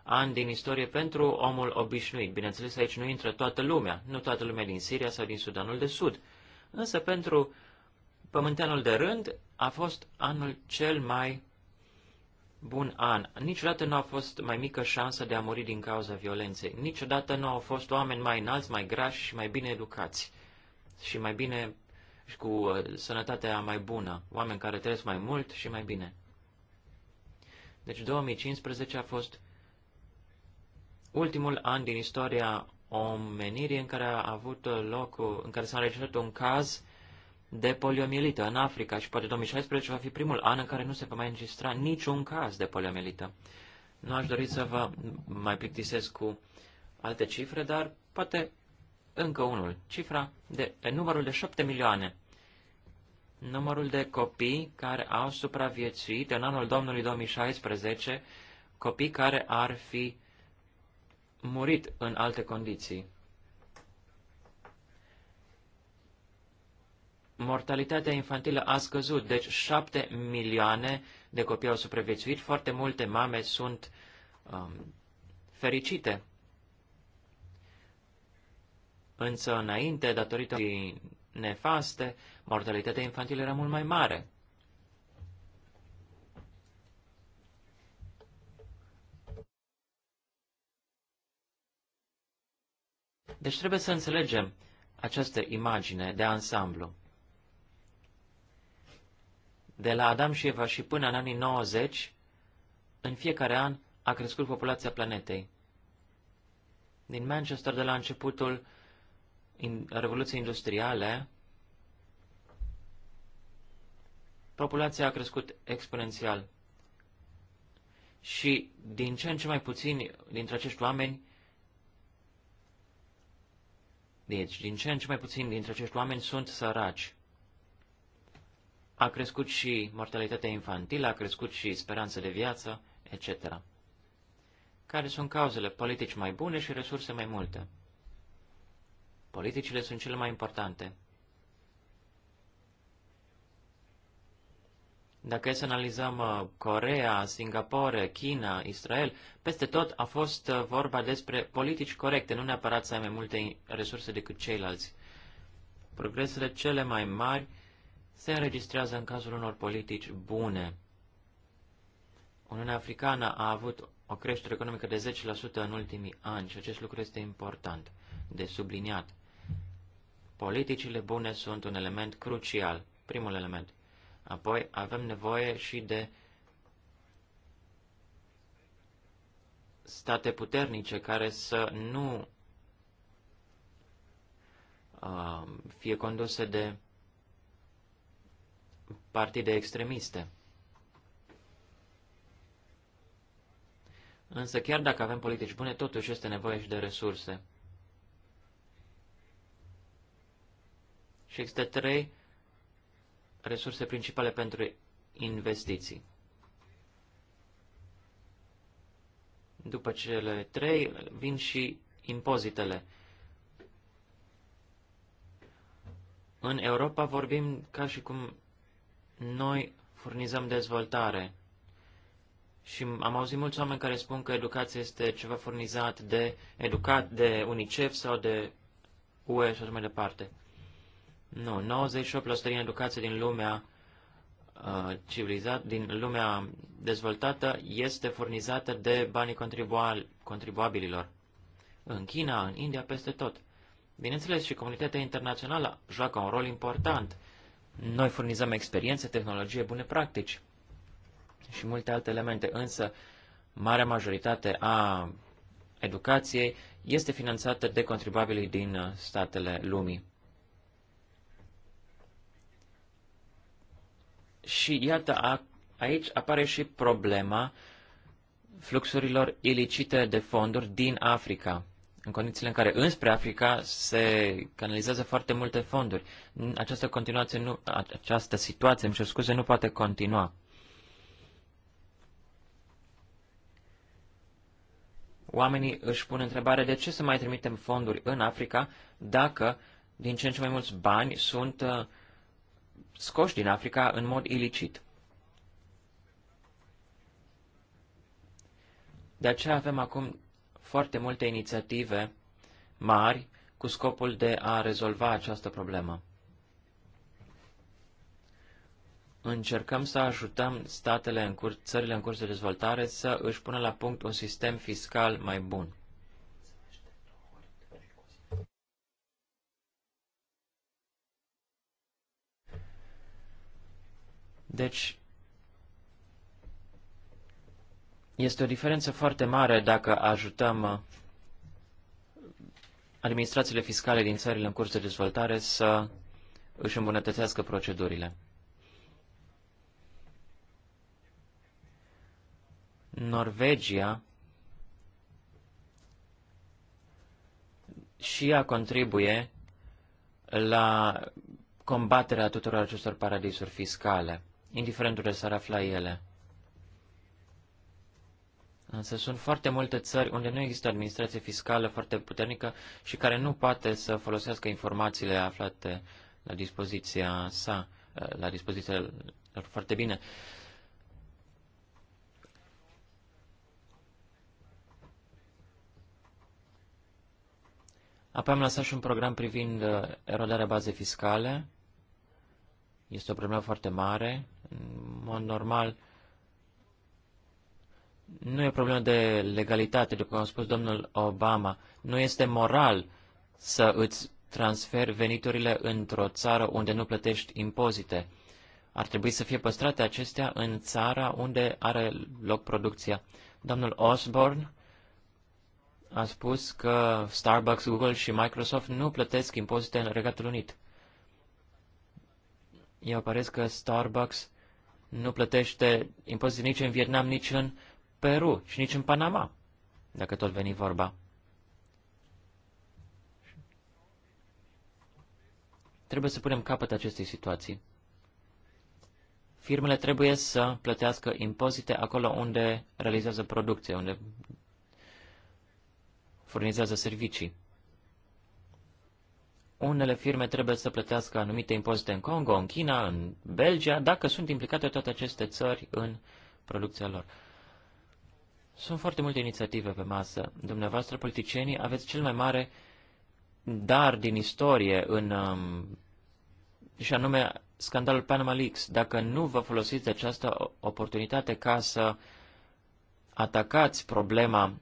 ani din istorie pentru omul obișnuit. Bineînțeles, aici nu intră toată lumea, nu toată lumea din Siria sau din Sudanul de Sud. Însă pentru pământeanul de rând a fost anul cel mai bun an. Niciodată nu a fost mai mică șansă de a muri din cauza violenței. Niciodată nu au fost oameni mai înalți, mai grași și mai bine educați. Și mai bine și cu uh, sănătatea mai bună. Oameni care trăiesc mai mult și mai bine. Deci 2015 a fost ultimul an din istoria omenirii în care a avut loc, în care s-a înregistrat un caz de poliomielită în Africa și poate 2016 va fi primul an în care nu se va mai înregistra niciun caz de poliomielită. Nu aș dori să vă mai plictisesc cu alte cifre, dar poate încă unul. Cifra de numărul de 7 milioane. Numărul de copii care au supraviețuit în anul Domnului 2016, copii care ar fi murit în alte condiții. Mortalitatea infantilă a scăzut, deci șapte milioane de copii au supraviețuit, foarte multe mame sunt um, fericite. Însă înainte, datorită nefaste, mortalitatea infantilă era mult mai mare. Deci trebuie să înțelegem această imagine de ansamblu. De la Adam și Eva și până în anii 90, în fiecare an a crescut populația planetei. Din Manchester, de la începutul Revoluției Industriale, populația a crescut exponențial. Și din ce în ce mai puțini dintre acești oameni deci, din ce în ce mai puțin dintre acești oameni sunt săraci. A crescut și mortalitatea infantilă, a crescut și speranța de viață, etc. Care sunt cauzele? Politici mai bune și resurse mai multe. Politicile sunt cele mai importante. Dacă e să analizăm uh, Corea, Singapore, China, Israel, peste tot a fost uh, vorba despre politici corecte, nu neapărat să ai mai multe resurse decât ceilalți. Progresele cele mai mari se înregistrează în cazul unor politici bune. Uniunea Africană a avut o creștere economică de 10% în ultimii ani și acest lucru este important de subliniat. Politicile bune sunt un element crucial, primul element. Apoi avem nevoie și de state puternice care să nu uh, fie conduse de partide extremiste. Însă chiar dacă avem politici bune, totuși este nevoie și de resurse. Și există trei resurse principale pentru investiții. După cele trei vin și impozitele. În Europa vorbim ca și cum noi furnizăm dezvoltare. Și am auzit mulți oameni care spun că educația este ceva furnizat de educat, de UNICEF sau de UE și așa mai departe. Nu, 98% din educație din lumea uh, civilizat civilizată, din lumea dezvoltată, este furnizată de banii contribuabililor. În China, în India, peste tot. Bineînțeles, și comunitatea internațională joacă un rol important. Noi furnizăm experiențe, tehnologie, bune practici și multe alte elemente, însă marea majoritate a educației este finanțată de contribuabilii din uh, statele lumii. Și iată, a, aici apare și problema fluxurilor ilicite de fonduri din Africa, în condițiile în care înspre Africa se canalizează foarte multe fonduri. Această, continuație nu, această situație, îmi cer scuze, nu poate continua. Oamenii își pun întrebarea de ce să mai trimitem fonduri în Africa dacă din ce în ce mai mulți bani sunt uh, scoși din Africa în mod ilicit. De aceea avem acum foarte multe inițiative mari cu scopul de a rezolva această problemă. Încercăm să ajutăm statele în curs, țările în curs de dezvoltare să își pună la punct un sistem fiscal mai bun. Deci, este o diferență foarte mare dacă ajutăm uh, administrațiile fiscale din țările în curs de dezvoltare să își îmbunătățească procedurile. Norvegia și ea contribuie la combaterea tuturor acestor paradisuri fiscale indiferent unde s-ar afla ele. Însă sunt foarte multe țări unde nu există administrație fiscală foarte puternică și care nu poate să folosească informațiile aflate la dispoziția sa, la dispoziția lor foarte bine. Apoi am lăsat și un program privind uh, erodarea bazei fiscale, este o problemă foarte mare. În mod normal, nu e o problemă de legalitate, după cum a spus domnul Obama. Nu este moral să îți transferi veniturile într-o țară unde nu plătești impozite. Ar trebui să fie păstrate acestea în țara unde are loc producția. Domnul Osborne a spus că Starbucks, Google și Microsoft nu plătesc impozite în Regatul Unit eu apăresc că Starbucks nu plătește impozite nici în Vietnam, nici în Peru și nici în Panama, dacă tot veni vorba. Trebuie să punem capăt acestei situații. Firmele trebuie să plătească impozite acolo unde realizează producție, unde furnizează servicii unele firme trebuie să plătească anumite impozite în Congo, în China, în Belgia, dacă sunt implicate toate aceste țări în producția lor. Sunt foarte multe inițiative pe masă. Dumneavoastră, politicienii, aveți cel mai mare dar din istorie în, um, și anume scandalul Panama Leaks. Dacă nu vă folosiți de această oportunitate ca să atacați problema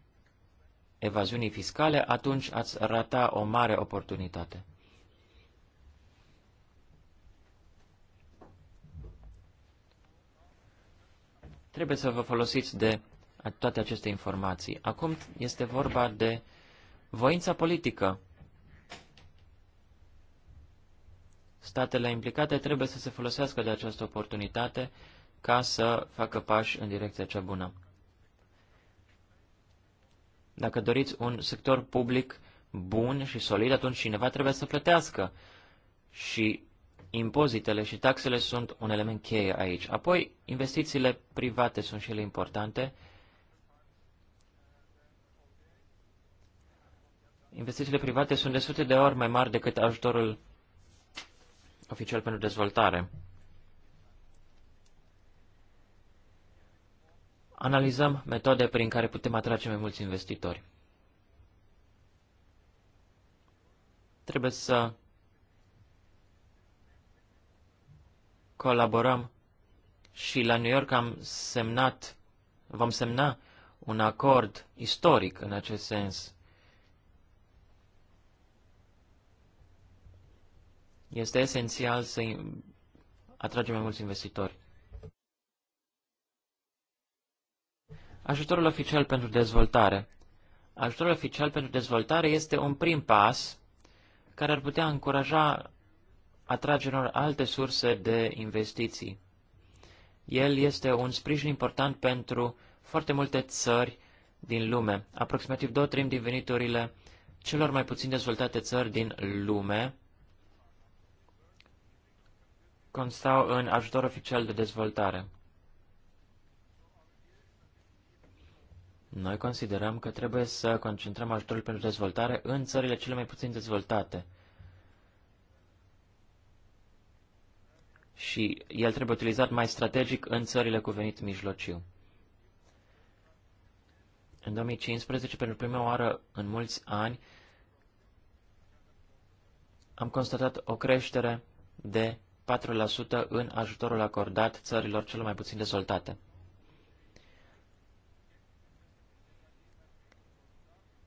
evaziunii fiscale, atunci ați rata o mare oportunitate. Trebuie să vă folosiți de toate aceste informații. Acum este vorba de voința politică. Statele implicate trebuie să se folosească de această oportunitate ca să facă pași în direcția cea bună. Dacă doriți un sector public bun și solid, atunci cineva trebuie să plătească. Și impozitele și taxele sunt un element cheie aici. Apoi, investițiile private sunt și ele importante. Investițiile private sunt de sute de ori mai mari decât ajutorul oficial pentru dezvoltare. Analizăm metode prin care putem atrage mai mulți investitori. Trebuie să colaborăm și la New York am semnat, vom semna un acord istoric în acest sens. Este esențial să atragem mai mulți investitori. Ajutorul oficial pentru dezvoltare. Ajutorul oficial pentru dezvoltare este un prim pas care ar putea încuraja atragerilor alte surse de investiții. El este un sprijin important pentru foarte multe țări din lume. Aproximativ două treimi din veniturile celor mai puțin dezvoltate țări din lume constau în ajutor oficial de dezvoltare. Noi considerăm că trebuie să concentrăm ajutorul pentru dezvoltare în țările cele mai puțin dezvoltate – și el trebuie utilizat mai strategic în țările cu venit mijlociu. În 2015, pentru prima oară în mulți ani, am constatat o creștere de 4% în ajutorul acordat țărilor cel mai puțin dezvoltate.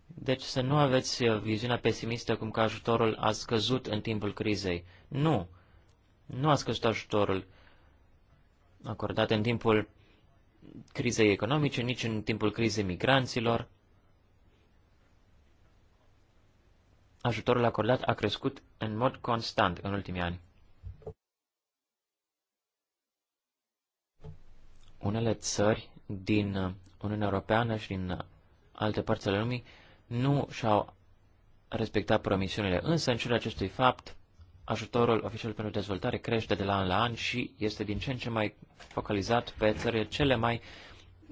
Deci să nu aveți viziunea pesimistă cum că ajutorul a scăzut în timpul crizei. Nu! nu a scăzut ajutorul acordat în timpul crizei economice, nici în timpul crizei migranților. Ajutorul acordat a crescut în mod constant în ultimii ani. Unele țări din Uniunea Europeană și din alte părți ale lumii nu și-au respectat promisiunile, însă în ciuda acestui fapt, ajutorul oficial pentru dezvoltare crește de la an la an și este din ce în ce mai focalizat pe țările cele mai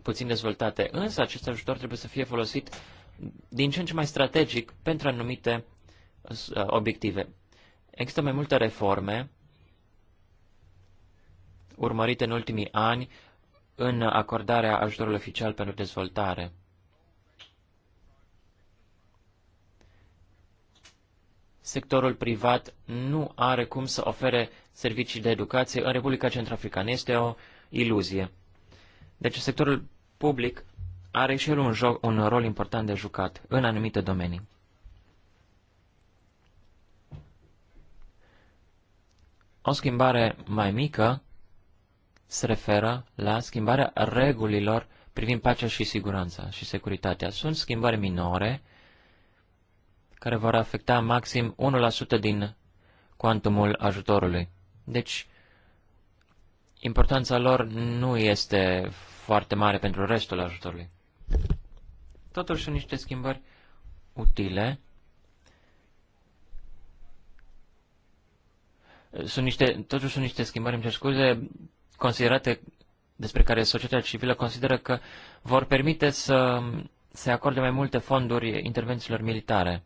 puțin dezvoltate. Însă acest ajutor trebuie să fie folosit din ce în ce mai strategic pentru anumite uh, obiective. Există mai multe reforme urmărite în ultimii ani în acordarea ajutorului oficial pentru dezvoltare. sectorul privat nu are cum să ofere servicii de educație în Republica Centrafricană. Este o iluzie. Deci sectorul public are și el un, joc, un rol important de jucat în anumite domenii. O schimbare mai mică se referă la schimbarea regulilor privind pacea și siguranța și securitatea. Sunt schimbări minore, care vor afecta maxim 1% din cuantumul ajutorului. Deci, importanța lor nu este foarte mare pentru restul ajutorului. Totuși sunt niște schimbări utile. Sunt niște, totuși sunt niște schimbări, îmi cer scuze, considerate despre care societatea civilă consideră că vor permite să se acorde mai multe fonduri intervențiilor militare.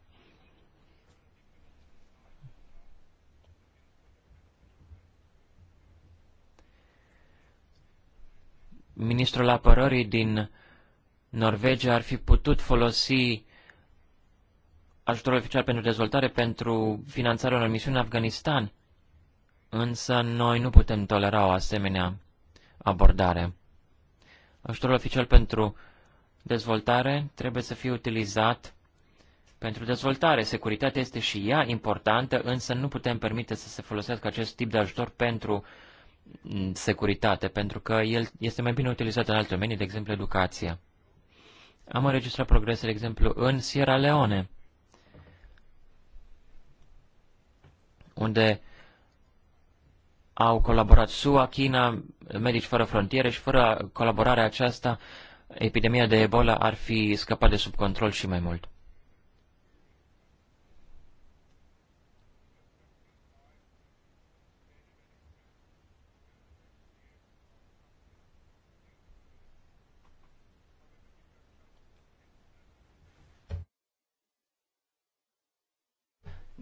ministrul apărării din Norvegia ar fi putut folosi ajutorul oficial pentru dezvoltare pentru finanțarea unor misiuni în Afganistan. Însă noi nu putem tolera o asemenea abordare. Ajutorul oficial pentru dezvoltare trebuie să fie utilizat pentru dezvoltare. Securitatea este și ea importantă, însă nu putem permite să se folosească acest tip de ajutor pentru uh, securitate, pentru că el este mai bine utilizat în alte domenii, de exemplu educația. Am înregistrat progrese, de exemplu, în Sierra Leone, unde au colaborat SUA, China, Medici Fără Frontiere și fără colaborarea aceasta, epidemia de Ebola ar fi scăpat de sub control și mai mult.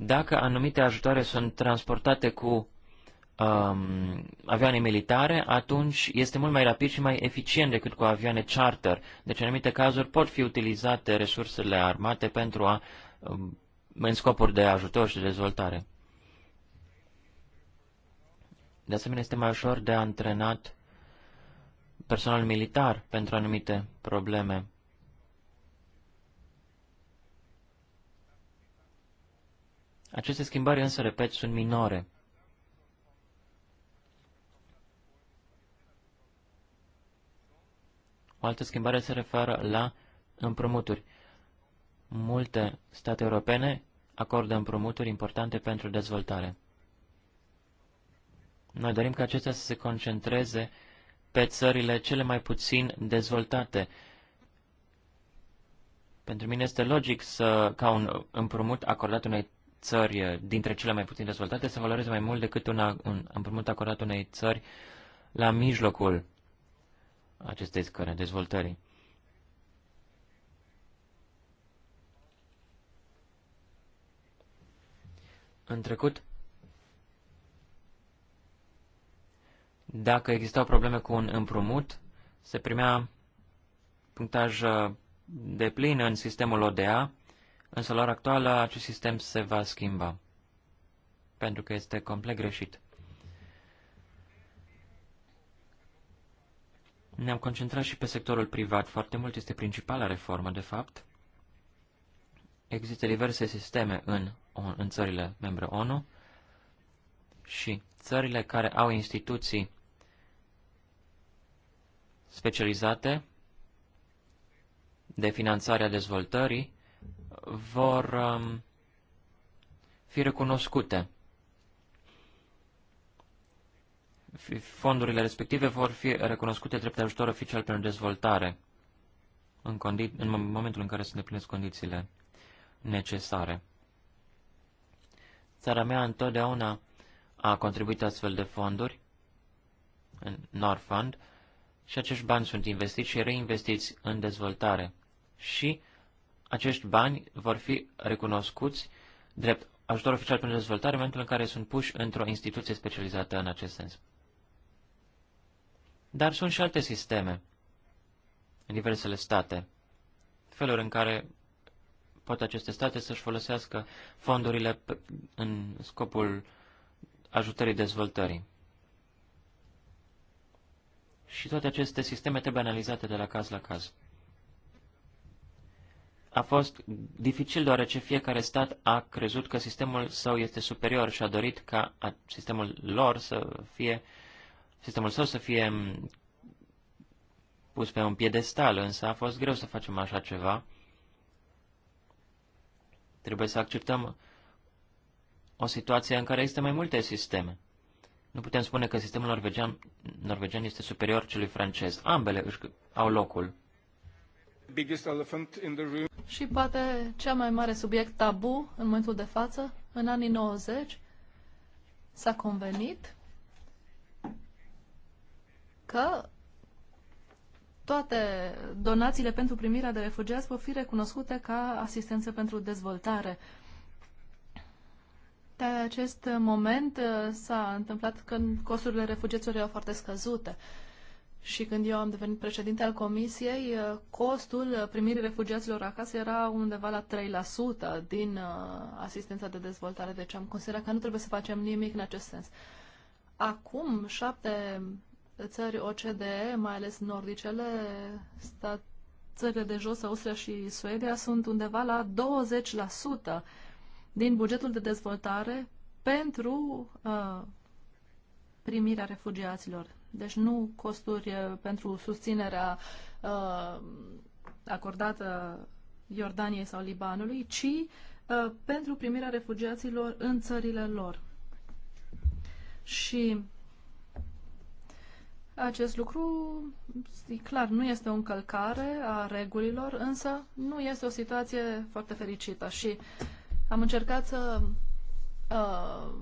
dacă anumite ajutoare sunt transportate cu um, avioane militare, atunci este mult mai rapid și mai eficient decât cu avioane charter. Deci, în anumite cazuri, pot fi utilizate resursele armate pentru a, um, în scopuri de ajutor și de dezvoltare. De asemenea, este mai ușor de antrenat personal militar pentru anumite probleme. Aceste schimbări însă, repet, sunt minore. O altă schimbare se referă la împrumuturi. Multe state europene acordă împrumuturi importante pentru dezvoltare. Noi dorim ca acestea să se concentreze pe țările cele mai puțin dezvoltate. Pentru mine este logic să, ca un împrumut acordat unei țări eh, dintre cele mai puțin dezvoltate să valoreze mai mult decât una, un împrumut acordat unei țări la mijlocul acestei scări dezvoltării. În trecut, dacă existau probleme cu un împrumut, se primea punctaj eh, de plin în sistemul ODA, Însă, la ora actuală, acest sistem se va schimba, pentru că este complet greșit. Ne-am concentrat și pe sectorul privat foarte mult, este principala reformă, de fapt. Există diverse sisteme în, în țările membre ONU și țările care au instituții specializate de finanțare a dezvoltării vor um, fi recunoscute. Fondurile respective vor fi recunoscute drept ajutor oficial pentru dezvoltare în, în momentul în care se îndeplinesc condițiile necesare. Țara mea întotdeauna a contribuit astfel de fonduri, în Nord Fund, și acești bani sunt investiți și reinvestiți în dezvoltare și acești bani vor fi recunoscuți drept ajutor oficial pentru dezvoltare în momentul în care sunt puși într-o instituție specializată în acest sens. Dar sunt și alte sisteme în diversele state, feluri în care pot aceste state să-și folosească fondurile în scopul ajutării dezvoltării. Și toate aceste sisteme trebuie analizate de la caz la caz a fost dificil deoarece fiecare stat a crezut că sistemul său este superior și a dorit ca sistemul lor să fie, sistemul său să fie pus pe un piedestal, însă a fost greu să facem așa ceva. Trebuie să acceptăm o situație în care există mai multe sisteme. Nu putem spune că sistemul norvegian, norvegian este superior celui francez. Ambele își au locul. Și poate cea mai mare subiect tabu în momentul de față, în anii 90, s-a convenit că toate donațiile pentru primirea de refugiați vor fi recunoscute ca asistență pentru dezvoltare. De acest moment uh, s-a întâmplat când costurile refugiaților erau foarte scăzute și când eu am devenit președinte al comisiei, uh, costul uh, primirii refugiaților acasă era undeva la 3% din uh, asistența de dezvoltare. Deci am considerat că nu trebuie să facem nimic în acest sens. Acum, șapte țări OCDE, mai ales nordicele, stat, țările de jos, Austria și Suedia, sunt undeva la 20% din bugetul de dezvoltare pentru uh, primirea refugiaților. Deci nu costuri uh, pentru susținerea uh, acordată Iordaniei sau Libanului, ci uh, pentru primirea refugiaților în țările lor. Și acest lucru, clar, nu este o încălcare a regulilor, însă nu este o situație foarte fericită și am încercat să uh,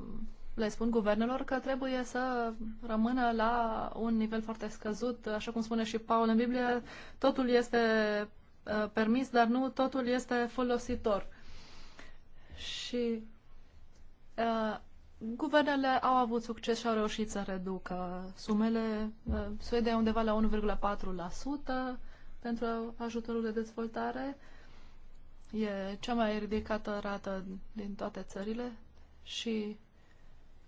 le spun guvernelor că trebuie să rămână la un nivel foarte scăzut. Așa cum spune și Paul în Biblie, totul este uh, permis, dar nu totul este folositor. Și uh, guvernele au avut succes și au reușit să reducă sumele. Uh, Suedia undeva la 1,4% pentru ajutorul de dezvoltare. E cea mai ridicată rată din toate țările și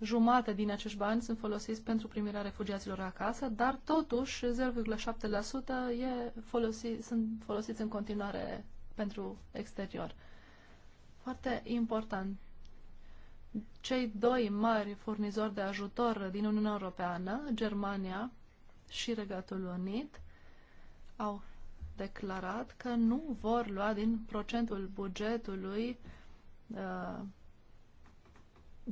jumate din acești bani sunt folosiți pentru primirea refugiaților acasă, dar totuși 0,7% e folosi, sunt folosiți în continuare pentru exterior. Foarte important. Cei doi mari furnizori de ajutor din Uniunea Europeană, Germania și Regatul Unit, au declarat că nu vor lua din procentul bugetului uh,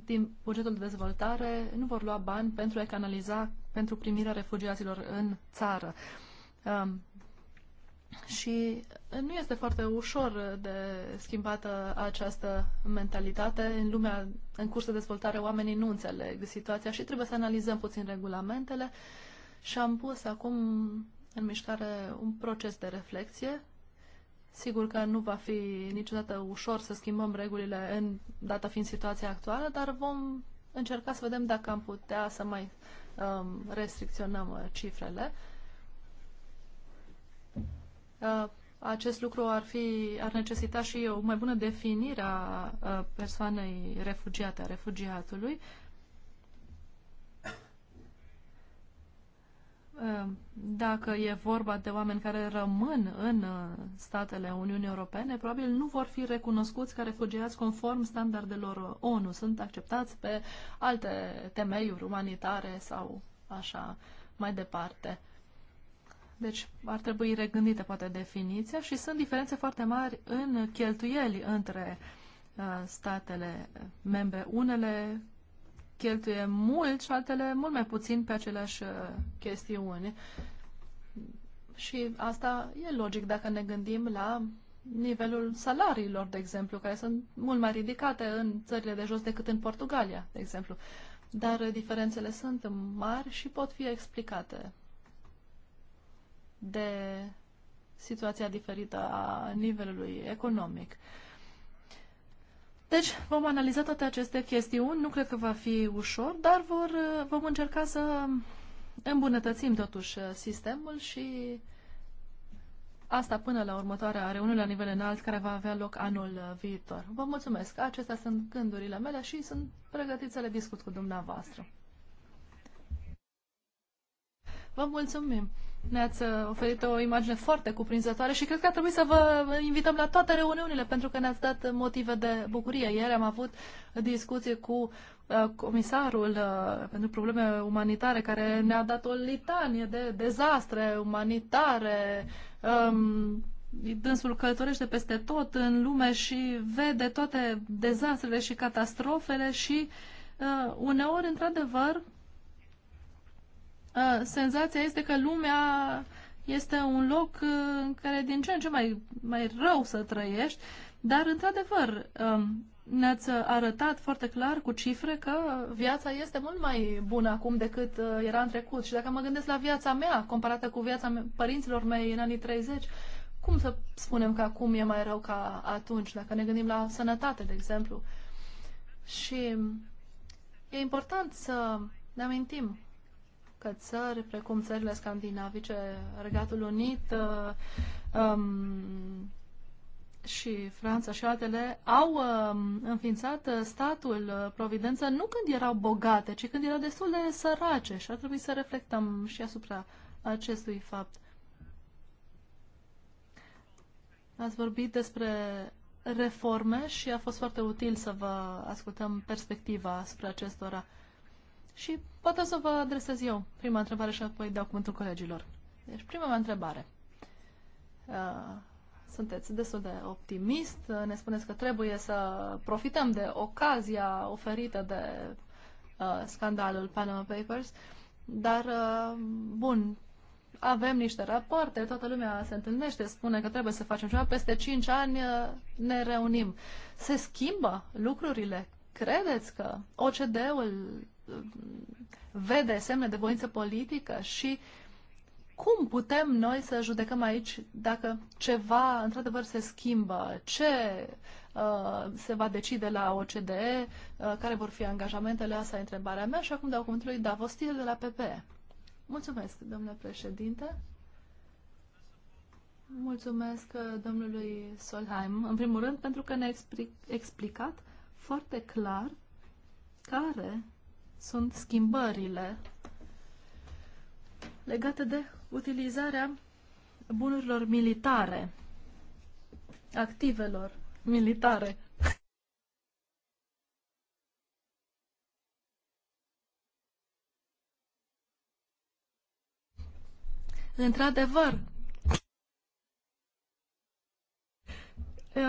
din bugetul de dezvoltare nu vor lua bani pentru a canaliza pentru primirea refugiaților în țară. Um, și nu este foarte ușor de schimbată această mentalitate. În lumea în curs de dezvoltare oamenii nu înțeleg situația și trebuie să analizăm puțin regulamentele și am pus acum în mișcare un proces de reflexie Sigur că nu va fi niciodată ușor să schimbăm regulile în data fiind situația actuală, dar vom încerca să vedem dacă am putea să mai um, restricționăm uh, cifrele. Uh, acest lucru ar, fi, ar necesita și o mai bună definire a uh, persoanei refugiate, a refugiatului, Ehm, dacă e vorba de oameni care rămân în uh, statele Uniunii Europene, probabil nu vor fi recunoscuți ca refugiați conform standardelor uh, ONU. Sunt acceptați pe alte temeiuri umanitare sau așa mai departe. Deci ar trebui regândită poate definiția și sunt diferențe foarte mari în cheltuieli între uh, statele membre. Unele cheltuie mult și altele mult mai puțin pe aceleași uh, chestiuni. Și asta e logic dacă ne gândim la nivelul salariilor, de exemplu, care sunt mult mai ridicate în țările de jos decât în Portugalia, de exemplu. Dar uh, diferențele sunt mari și pot fi explicate de situația diferită a nivelului economic. Uh, deci vom analiza toate aceste chestiuni, nu cred că va fi ușor, dar vor, uh, vom încerca să îmbunătățim totuși uh, sistemul și asta până la următoarea reuniune la nivel înalt care va avea loc anul uh, viitor. Vă mulțumesc, acestea sunt gândurile mele și sunt pregătit să le discut cu dumneavoastră. Vă mulțumim! Ne-ați uh, oferit o imagine foarte cuprinzătoare și cred că ar trebui să vă invităm la toate reuniunile, pentru că ne-ați dat motive de bucurie. Ieri am avut discuții cu uh, comisarul uh, pentru probleme umanitare, care ne-a dat o litanie de dezastre umanitare. Um, dânsul călătorește peste tot în lume și vede toate dezastrele și catastrofele și uneori, într-adevăr, Uh, senzația este că lumea este un loc uh, în care din ce în ce mai, mai rău să trăiești, dar într-adevăr um, ne-ați arătat foarte clar cu cifre că viața este mult mai bună acum decât uh, era în trecut. Și dacă mă gândesc la viața mea comparată cu viața mea, părinților mei în anii 30, cum să spunem că acum e mai rău ca atunci, dacă ne gândim la sănătate, de exemplu. Și e important să ne amintim că țări precum țările scandinavice, Regatul Unit uh, um, și Franța și altele au um, înființat uh, statul uh, Providență nu când erau bogate, ci când erau destul de sărace și ar trebui să reflectăm și asupra acestui fapt. Ați vorbit despre reforme și a fost foarte util să vă ascultăm perspectiva asupra acestora. Uh, și poate să vă adresez eu prima întrebare și apoi dau cuvântul colegilor. Deci, prima mea întrebare. Uh, sunteți destul de optimist, ne spuneți că trebuie să profităm de ocazia oferită de uh, scandalul Panama Papers, dar, uh, bun, avem niște rapoarte, toată lumea se întâlnește, spune că trebuie să facem ceva, peste 5 ani ne reunim. Se schimbă lucrurile? Credeți că OCD-ul vede semne de voință politică și cum putem noi să judecăm aici dacă ceva într-adevăr se schimbă, ce uh, se va decide la OCDE, uh, care vor fi angajamentele, asta e întrebarea mea și acum dau cuvântul lui Davostil de la PP. Mulțumesc, domnule președinte. Mulțumesc uh, domnului Solheim, în primul rând, pentru că ne-a explicat foarte clar care sunt schimbările legate de utilizarea bunurilor militare, activelor militare. Într-adevăr,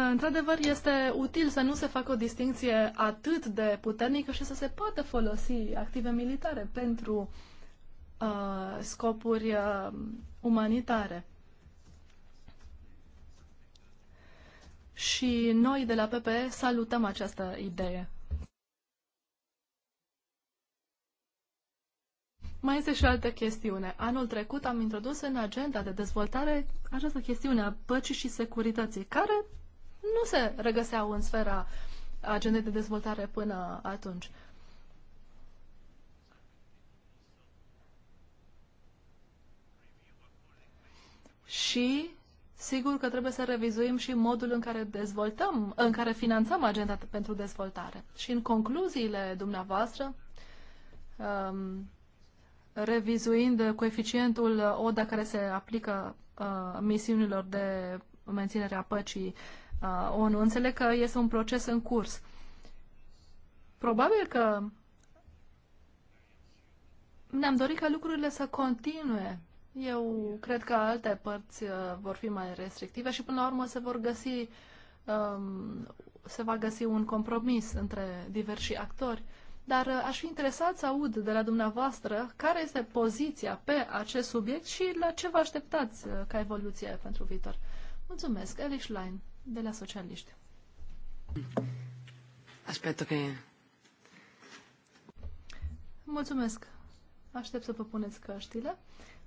Într-adevăr, este util să nu se facă o distinție atât de puternică și să se poată folosi active militare pentru uh, scopuri uh, umanitare. Și noi de la PPE salutăm această idee. Mai este și o altă chestiune. Anul trecut am introdus în agenda de dezvoltare această chestiune a păcii și securității, care nu se regăseau în sfera agendei de dezvoltare până atunci. Și sigur că trebuie să revizuim și modul în care dezvoltăm, în care finanțăm agenda pentru dezvoltare. Și în concluziile dumneavoastră, um, revizuind coeficientul ODA care se aplică uh, misiunilor de menținere a păcii, uh, uh, ONU. Înțeleg că este un proces în curs. Probabil că ne-am dorit ca lucrurile să continue. Eu cred că alte părți uh, vor fi mai restrictive și până la urmă se vor găsi um, se va găsi un compromis între diversi actori. Dar uh, aș fi interesat să aud de la dumneavoastră care este poziția pe acest subiect și la ce vă așteptați uh, ca evoluție pentru viitor. Mulțumesc, Elish Line de la socialiști. Aspetto că... Mulțumesc. Aștept să vă puneți căștile.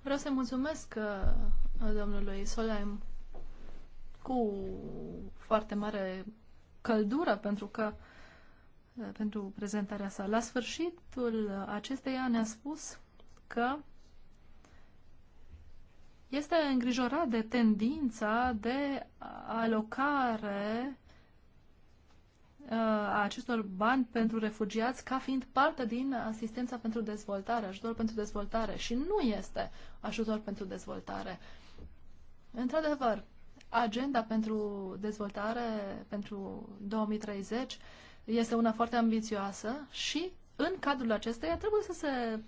Vreau să mulțumesc uh, domnului Solem cu foarte mare căldură pentru că uh, pentru prezentarea sa. La sfârșitul acesteia ne-a spus că este îngrijorat de tendința de alocare uh, a acestor bani pentru refugiați ca fiind parte din asistența pentru dezvoltare, ajutor pentru dezvoltare și nu este ajutor pentru dezvoltare. Într-adevăr, agenda pentru dezvoltare pentru 2030 este una foarte ambițioasă și în cadrul acesteia trebuie să se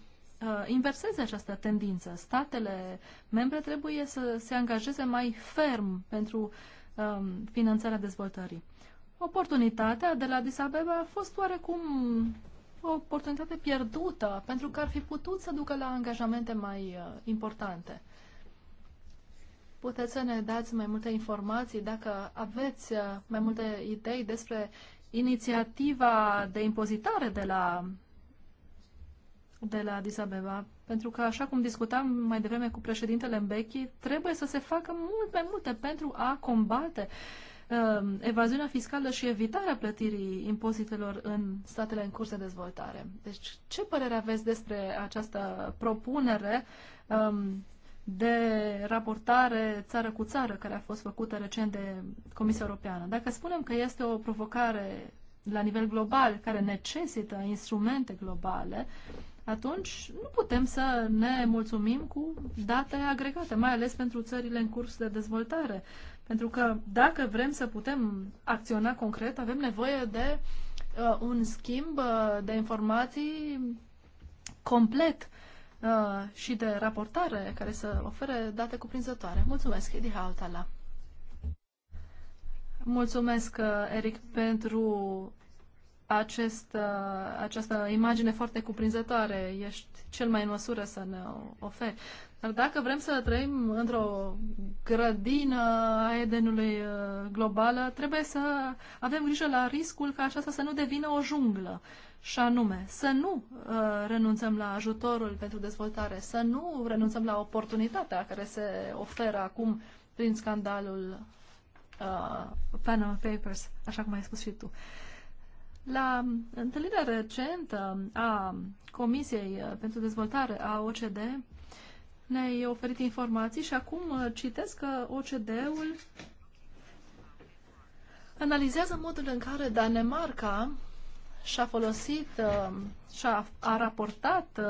Uh, inverseze această tendință. Statele membre trebuie să se angajeze mai ferm pentru um, finanțarea dezvoltării. Oportunitatea de la Addis Abeba a fost oarecum o oportunitate pierdută, pentru că ar fi putut să ducă la angajamente mai uh, importante. Puteți să ne dați mai multe informații dacă aveți uh, mai multe idei despre inițiativa de impozitare de la de la Addis Abeba, pentru că, așa cum discutam mai devreme cu președintele Mbeki, trebuie să se facă mult mai multe pentru a combate uh, evaziunea fiscală și evitarea plătirii impozitelor în statele în curs de dezvoltare. Deci, ce părere aveți despre această propunere um, de raportare țară cu țară care a fost făcută recent de Comisia Europeană? Dacă spunem că este o provocare la nivel global, care necesită instrumente globale, atunci nu putem să ne mulțumim cu date agregate, mai ales pentru țările în curs de dezvoltare. Pentru că dacă vrem să putem acționa concret, avem nevoie de uh, un schimb uh, de informații complet uh, și de raportare care să ofere date cuprinzătoare. Mulțumesc, Edi Hautala! Mulțumesc, uh, Eric, pentru acest, uh, această imagine foarte cuprinzătoare. Ești cel mai în măsură să ne oferi. Dar dacă vrem să trăim într-o grădină a Edenului uh, globală, trebuie să avem grijă la riscul ca aceasta să nu devină o junglă. Și anume, să nu uh, renunțăm la ajutorul pentru dezvoltare, să nu renunțăm la oportunitatea care se oferă acum prin scandalul uh, Panama Papers, așa cum ai spus și tu. Uh, la întâlnirea recentă a Comisiei pentru Dezvoltare a OCD ne-ai oferit informații și acum citesc că ocd ul analizează modul în care Danemarca și-a folosit și-a a raportat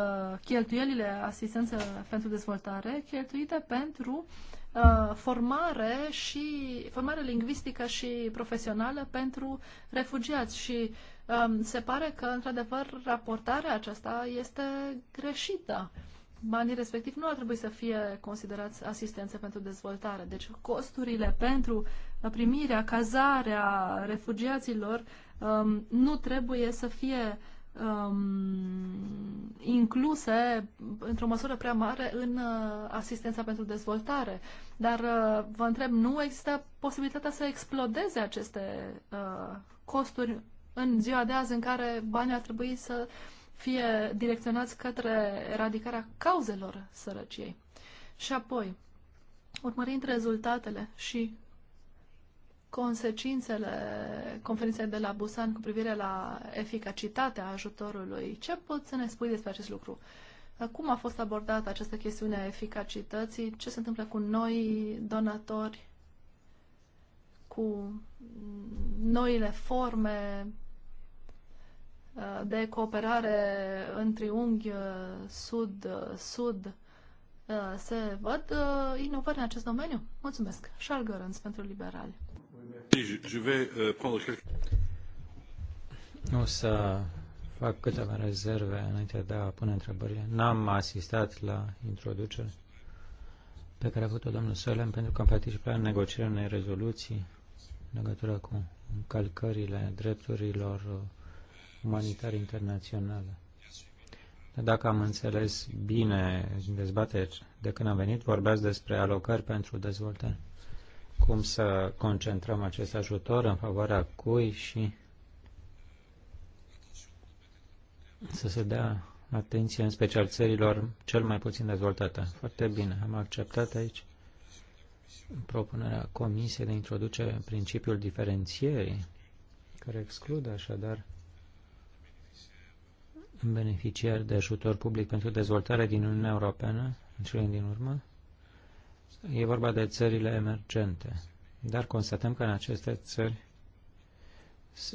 cheltuielile asistență pentru dezvoltare cheltuite pentru uh, Uh, formare și formare lingvistică și profesională pentru refugiați și um, se pare că într-adevăr raportarea aceasta este greșită. Banii respectiv nu ar trebui să fie considerați asistență pentru dezvoltare. Deci costurile pentru primirea, cazarea refugiaților um, nu trebuie să fie um, incluse într-o măsură prea mare în uh, asistența pentru dezvoltare. Dar uh, vă întreb, nu există posibilitatea să explodeze aceste uh, costuri în ziua de azi în care banii ar trebui să fie direcționați către eradicarea cauzelor sărăciei. Și apoi, urmărind rezultatele și consecințele conferinței de la Busan cu privire la eficacitatea ajutorului. Ce poți să ne spui despre acest lucru? Cum a fost abordată această chestiune a eficacității? Ce se întâmplă cu noi donatori? Cu noile forme uh, de cooperare în triunghi sud-sud? Uh, uh, se văd inovări în acest domeniu? Mulțumesc! Charles Gărânț pentru Liberali. Euh, o să fac câteva rezerve înainte de a pune întrebările. N-am asistat la introducere pe care a făcut-o domnul Solem pentru că am participat în negocierea unei rezoluții în legătură cu încălcările drepturilor umanitare internaționale. Dacă am înțeles bine dezbateri de când am venit, vorbeați despre alocări pentru dezvoltare cum să concentrăm acest ajutor în favoarea cui și să se dea atenție în special țărilor cel mai puțin dezvoltate. Foarte bine, am acceptat aici propunerea Comisiei de a introduce principiul diferențierii, care exclude așadar beneficiari de ajutor public pentru dezvoltare din Uniunea Europeană în cele din urmă E vorba de țările emergente. Dar constatăm că în aceste țări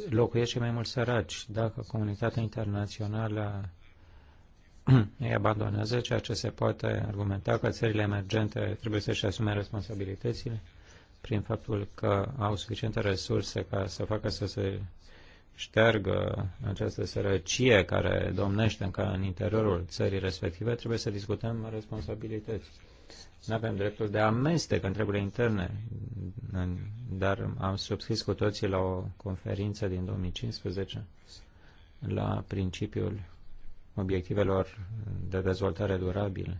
locuiesc mai mulți săraci. Dacă comunitatea internațională îi abandonează, ceea ce se poate argumenta că țările emergente trebuie să-și asume responsabilitățile prin faptul că au suficiente resurse ca să facă să se șteargă această sărăcie care domnește încă în interiorul țării respective, trebuie să discutăm responsabilități. Nu avem dreptul de a amesteca întrebările interne, dar am subscris cu toții la o conferință din 2015 la principiul obiectivelor de dezvoltare durabilă.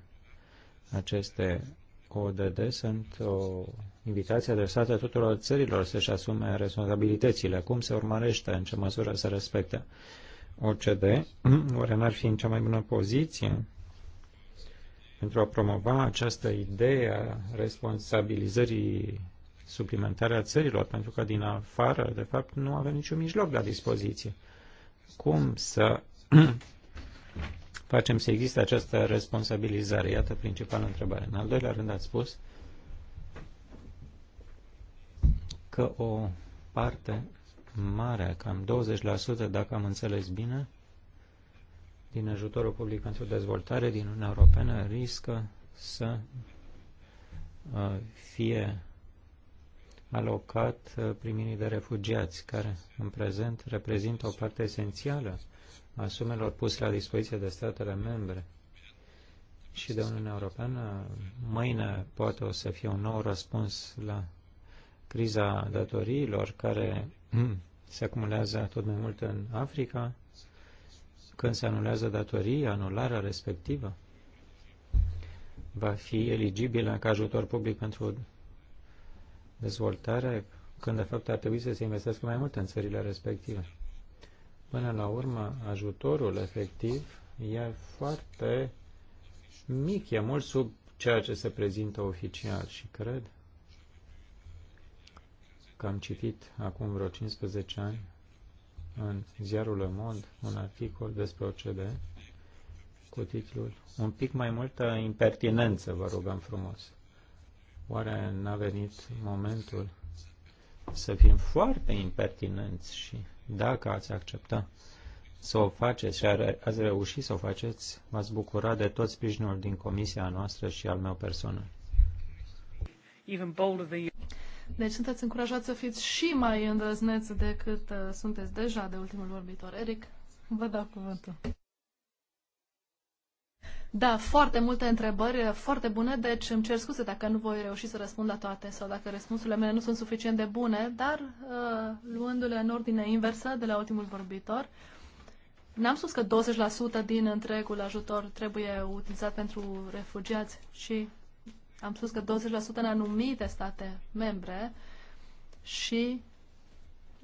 Aceste ODD sunt o invitație adresată tuturor țărilor să-și asume responsabilitățile, cum se urmărește, în ce măsură se respectă. OCD, oare n-ar fi în cea mai bună poziție pentru a promova această idee a responsabilizării suplimentare a țărilor, pentru că din afară, de fapt, nu avem niciun mijloc la dispoziție. Cum să facem să existe această responsabilizare? Iată principală întrebare. În al doilea rând ați spus că o parte mare, cam 20%, dacă am înțeles bine, din ajutorul public pentru dezvoltare din Uniunea Europeană riscă să uh, fie alocat uh, primirii de refugiați, care în prezent reprezintă o parte esențială a sumelor puse la dispoziție de statele membre și de Uniunea Europeană. Mâine poate o să fie un nou răspuns la criza datoriilor care se acumulează tot mai mult în Africa când se anulează datoria, anularea respectivă va fi eligibilă ca ajutor public pentru dezvoltare, când de fapt ar trebui să se investească mai mult în țările respective. Până la urmă, ajutorul efectiv e foarte mic, e mult sub ceea ce se prezintă oficial și cred că am citit acum vreo 15 ani în ziarul Le Monde un articol despre OCD cu titlul Un pic mai multă impertinență, vă rugăm frumos. Oare n-a venit momentul să fim foarte impertinenți și dacă ați accepta să o faceți și ați reușit să o faceți, v-ați bucura de tot sprijinul din comisia noastră și al meu personal. Deci sunteți încurajați să fiți și mai îndrăzneți decât uh, sunteți deja de ultimul vorbitor. Eric, vă dau cuvântul. Da, foarte multe întrebări, uh, foarte bune, deci îmi cer scuze dacă nu voi reuși să răspund la toate sau dacă răspunsurile mele nu sunt suficient de bune, dar uh, luându-le în ordine inversă de la ultimul vorbitor, n-am spus că 20% din întregul ajutor trebuie utilizat pentru refugiați, și am spus că 20% în anumite state membre și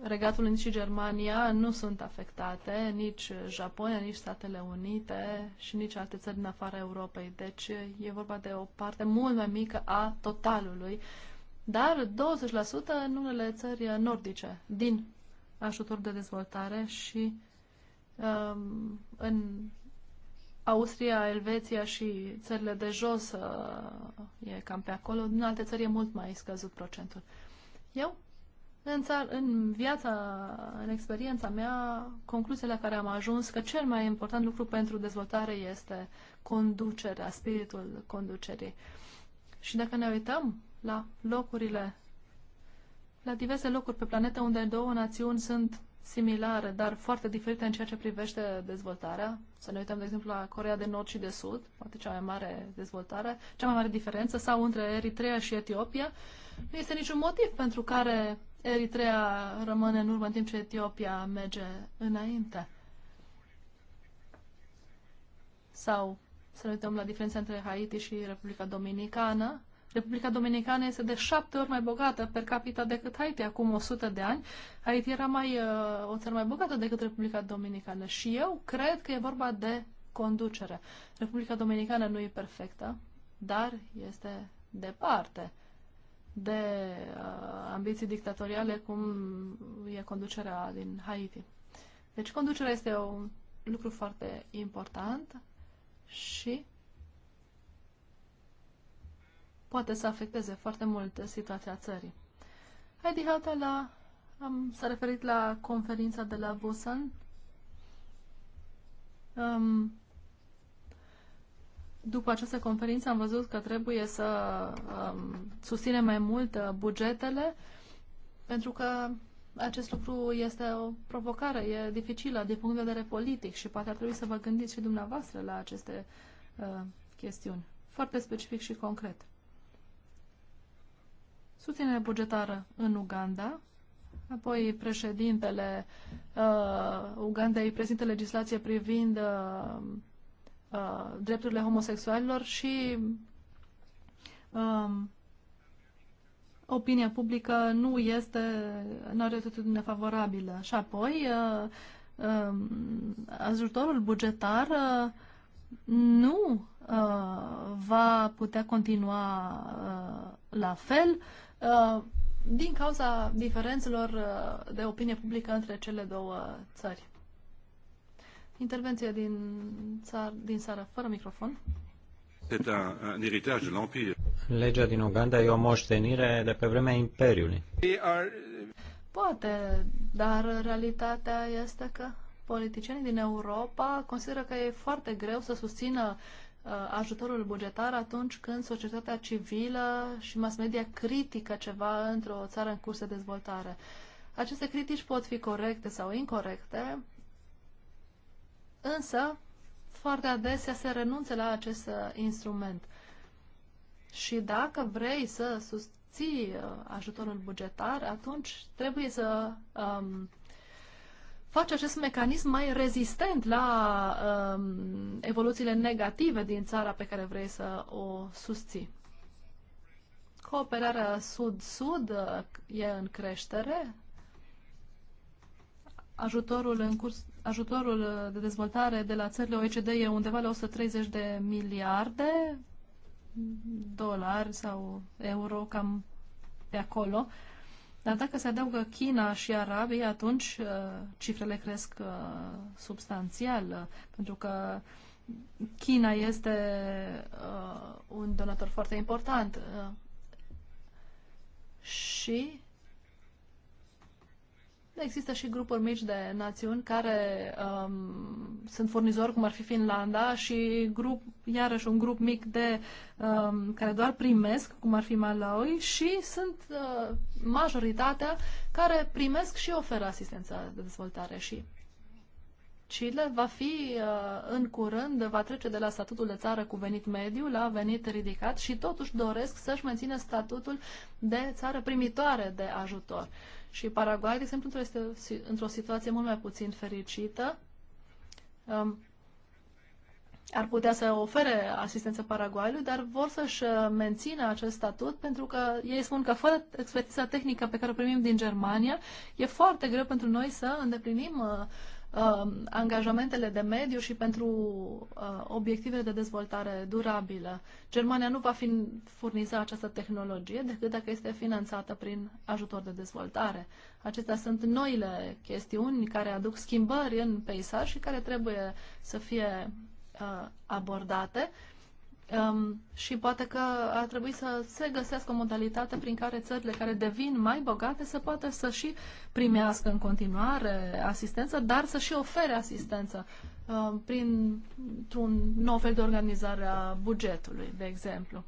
Regatul Unit și Germania nu sunt afectate, nici Japonia, nici Statele Unite și nici alte țări din afara Europei. Deci e vorba de o parte mult mai mică a totalului, dar 20% în unele țări nordice din ajutor de dezvoltare și um, în Austria, Elveția și țările de jos uh, e cam pe acolo. În alte țări e mult mai scăzut procentul. Eu, în, țar, în viața, în experiența mea, concluzia la care am ajuns că cel mai important lucru pentru dezvoltare este conducerea, spiritul conducerii. Și dacă ne uităm la locurile, la diverse locuri pe planetă unde două națiuni sunt similare, dar foarte diferite în ceea ce privește dezvoltarea. Să ne uităm, de exemplu, la Corea de Nord și de Sud, poate cea mai mare dezvoltare, cea mai mare diferență, sau între Eritrea și Etiopia. Nu este niciun motiv pentru care Eritrea rămâne în urmă în timp ce Etiopia merge înainte. Sau să ne uităm la diferența între Haiti și Republica Dominicană, Republica Dominicană este de șapte ori mai bogată per capita decât Haiti acum 100 de ani. Haiti era mai, uh, o țară mai bogată decât Republica Dominicană și eu cred că e vorba de conducere. Republica Dominicană nu e perfectă, dar este departe de uh, ambiții dictatoriale cum e conducerea din Haiti. Deci conducerea este un lucru foarte important și poate să afecteze foarte mult situația țării. Heidi Hautala am, s-a referit la conferința de la Busan. Um, după această conferință am văzut că trebuie să um, susținem mai mult uh, bugetele, pentru că acest lucru este o provocare, e dificilă din punct de vedere politic și poate ar trebui să vă gândiți și dumneavoastră la aceste uh, chestiuni, foarte specific și concret susținere bugetară în Uganda, apoi președintele uh, Ugandei prezintă legislație privind uh, uh, drepturile homosexualilor și uh, opinia publică nu este, nu are o atitudine favorabilă. Și apoi uh, uh, ajutorul bugetar uh, nu uh, va putea continua uh, la fel. Uh, din cauza diferențelor uh, de opinie publică între cele două țări. Intervenția din, țar, din țară, fără microfon. Legea din Uganda e o moștenire de pe vremea Imperiului. Poate, dar realitatea este că politicienii din Europa consideră că e foarte greu să susțină Uh, ajutorul bugetar atunci când societatea civilă și mass media critică ceva într-o țară în curs de dezvoltare. Aceste critici pot fi corecte sau incorrecte, însă foarte adesea se renunță la acest uh, instrument. Și dacă vrei să susții uh, ajutorul bugetar, atunci trebuie să um, face acest mecanism mai rezistent la um, evoluțiile negative din țara pe care vrei să o susții. Cooperarea sud-sud uh, e în creștere. Ajutorul, în curs, ajutorul uh, de dezvoltare de la țările OECD e undeva la 130 de miliarde dolari sau euro, cam pe acolo. Uh, dar dacă se adaugă China și Arabia, atunci uh, cifrele cresc uh, substanțial, uh, pentru că China este un donator foarte important și Există și grupuri mici de națiuni care um, sunt furnizori, cum ar fi Finlanda, și grup, iarăși un grup mic de um, care doar primesc, cum ar fi Malawi, și sunt uh, majoritatea care primesc și oferă asistența de dezvoltare. Și Chile va fi uh, în curând, va trece de la statutul de țară cu venit mediu la venit ridicat și totuși doresc să-și mențină statutul de țară primitoare de ajutor. Și Paraguay, de exemplu, este într-o situație mult mai puțin fericită. Um, ar putea să ofere asistență Paraguayului, dar vor să-și uh, mențină acest statut pentru că ei spun că fără expertiza tehnică pe care o primim din Germania, e foarte greu pentru noi să îndeplinim uh, Um, angajamentele de mediu și pentru uh, obiectivele de dezvoltare durabilă. Germania nu va fi furniza această tehnologie decât dacă este finanțată prin ajutor de dezvoltare. Acestea sunt noile chestiuni care aduc schimbări în peisaj și care trebuie să fie uh, abordate Um, și poate că ar trebui să se găsească o modalitate prin care țările care devin mai bogate să poată să și primească în continuare asistență, dar să și ofere asistență um, printr-un nou fel de organizare a bugetului, de exemplu.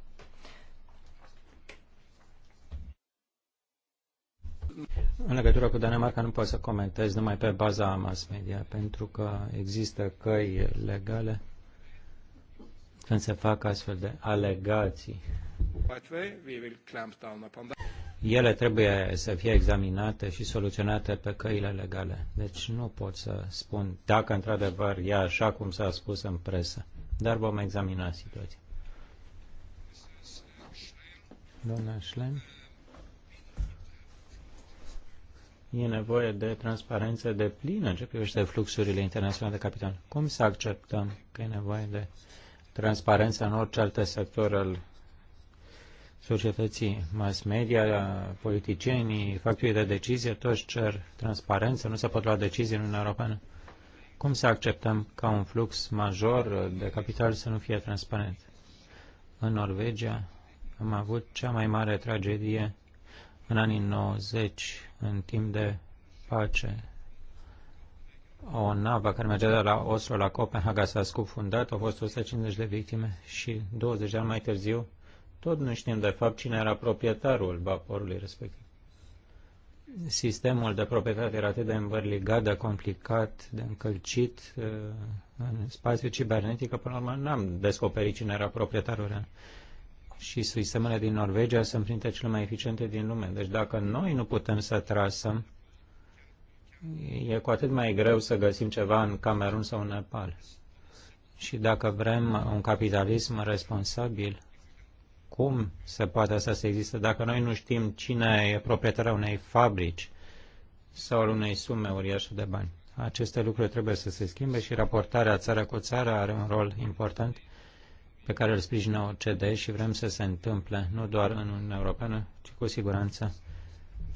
În legătură cu Danemarca nu pot să comentez numai pe baza mass media, pentru că există căi legale când se fac astfel de alegații. Ele trebuie să fie examinate și soluționate pe căile legale. Deci nu pot să spun dacă într-adevăr e așa cum s-a spus în presă, dar vom examina situația. Doamna Schlem, E nevoie de transparență de plină în ce privește fluxurile internaționale de capital. Cum să acceptăm că e nevoie de transparență în orice alt sector al societății, mass media, politicienii, factorii de decizie, toți cer transparență, nu se pot lua decizii în Uniunea Europeană. Cum să acceptăm ca un flux major de capital să nu fie transparent? În Norvegia am avut cea mai mare tragedie în anii 90, în timp de pace o navă care mergea de la Oslo la Copenhaga s-a scufundat, au fost 150 de victime și 20 de ani mai târziu tot nu știm de fapt cine era proprietarul vaporului respectiv. Sistemul de proprietate era atât de învârligat, de complicat, de încălcit uh, în spațiu cibernetic, că până la urmă n-am descoperit cine era proprietarul real. Și sistemele din Norvegia sunt printre cele mai eficiente din lume. Deci dacă noi nu putem să trasăm e cu atât mai greu să găsim ceva în Camerun sau în Nepal. Și dacă vrem un capitalism responsabil, cum se poate asta să existe dacă noi nu știm cine e proprietarul unei fabrici sau al unei sume uriașe de bani? Aceste lucruri trebuie să se schimbe și raportarea țară cu țară are un rol important pe care îl sprijină OCD și vrem să se întâmple nu doar în Uniunea Europeană, ci cu siguranță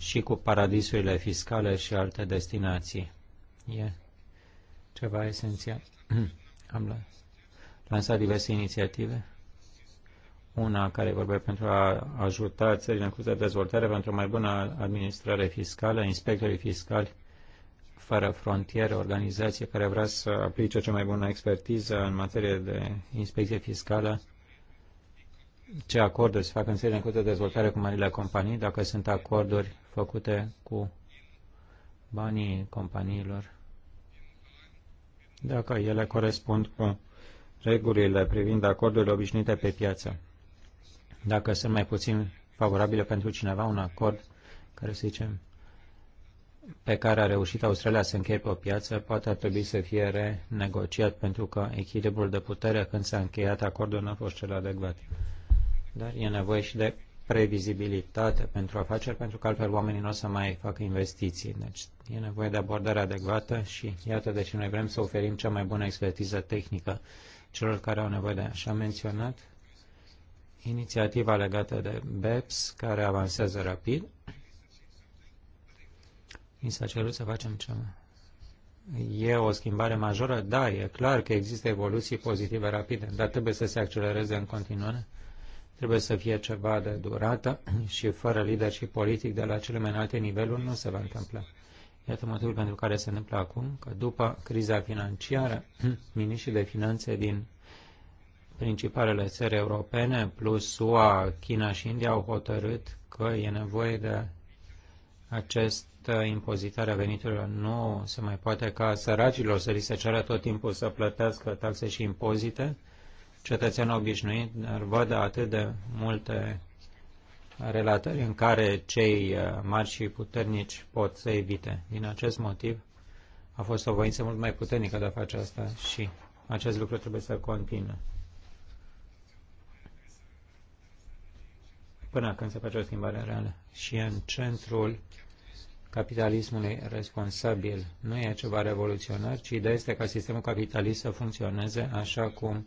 și cu paradisurile fiscale și alte destinații. E ceva esențial. Am lansat diverse inițiative. Una care vorbea pentru a ajuta țările în curs de dezvoltare pentru o mai bună administrare fiscală, inspectorii fiscali fără frontiere, organizație care vrea să aplice cea mai bună expertiză în materie de inspecție fiscală, ce acorduri se fac în țările în curs de dezvoltare cu marile companii, dacă sunt acorduri făcute cu banii companiilor, dacă ele corespund cu regulile privind acordurile obișnuite pe piață. Dacă sunt mai puțin favorabile pentru cineva, un acord care, să zicem, pe care a reușit Australia să încheie pe o piață, poate ar trebui să fie renegociat pentru că echilibrul de putere când s-a încheiat acordul nu a fost cel adecvat. Dar e nevoie și de previzibilitate pentru afaceri, pentru că altfel oamenii nu o să mai facă investiții. Deci e nevoie de abordare adecvată și iată de ce noi vrem să oferim cea mai bună expertiză tehnică celor care au nevoie de așa menționat inițiativa legată de BEPS, care avansează rapid. Mi s-a cerut să facem ce E o schimbare majoră? Da, e clar că există evoluții pozitive rapide, dar trebuie să se accelereze în continuare Trebuie să fie ceva de durată și fără leadership politic de la cele mai înalte niveluri nu se va întâmpla. Iată motivul pentru care se întâmplă acum că după criza financiară, miniștrii de finanțe din principalele țări europene, plus SUA, China și India, au hotărât că e nevoie de această impozitare a veniturilor. Nu se mai poate ca săracilor să li se ceară tot timpul să plătească taxe și impozite cetățean obișnuit văd atât de multe relatări în care cei uh, mari și puternici pot să evite. Din acest motiv a fost o voință mult mai puternică de a face asta și acest lucru trebuie să continue. Până când se face o schimbare reală și în centrul capitalismului responsabil. Nu e ceva revoluționar, ci ideea este ca sistemul capitalist să funcționeze așa cum uh,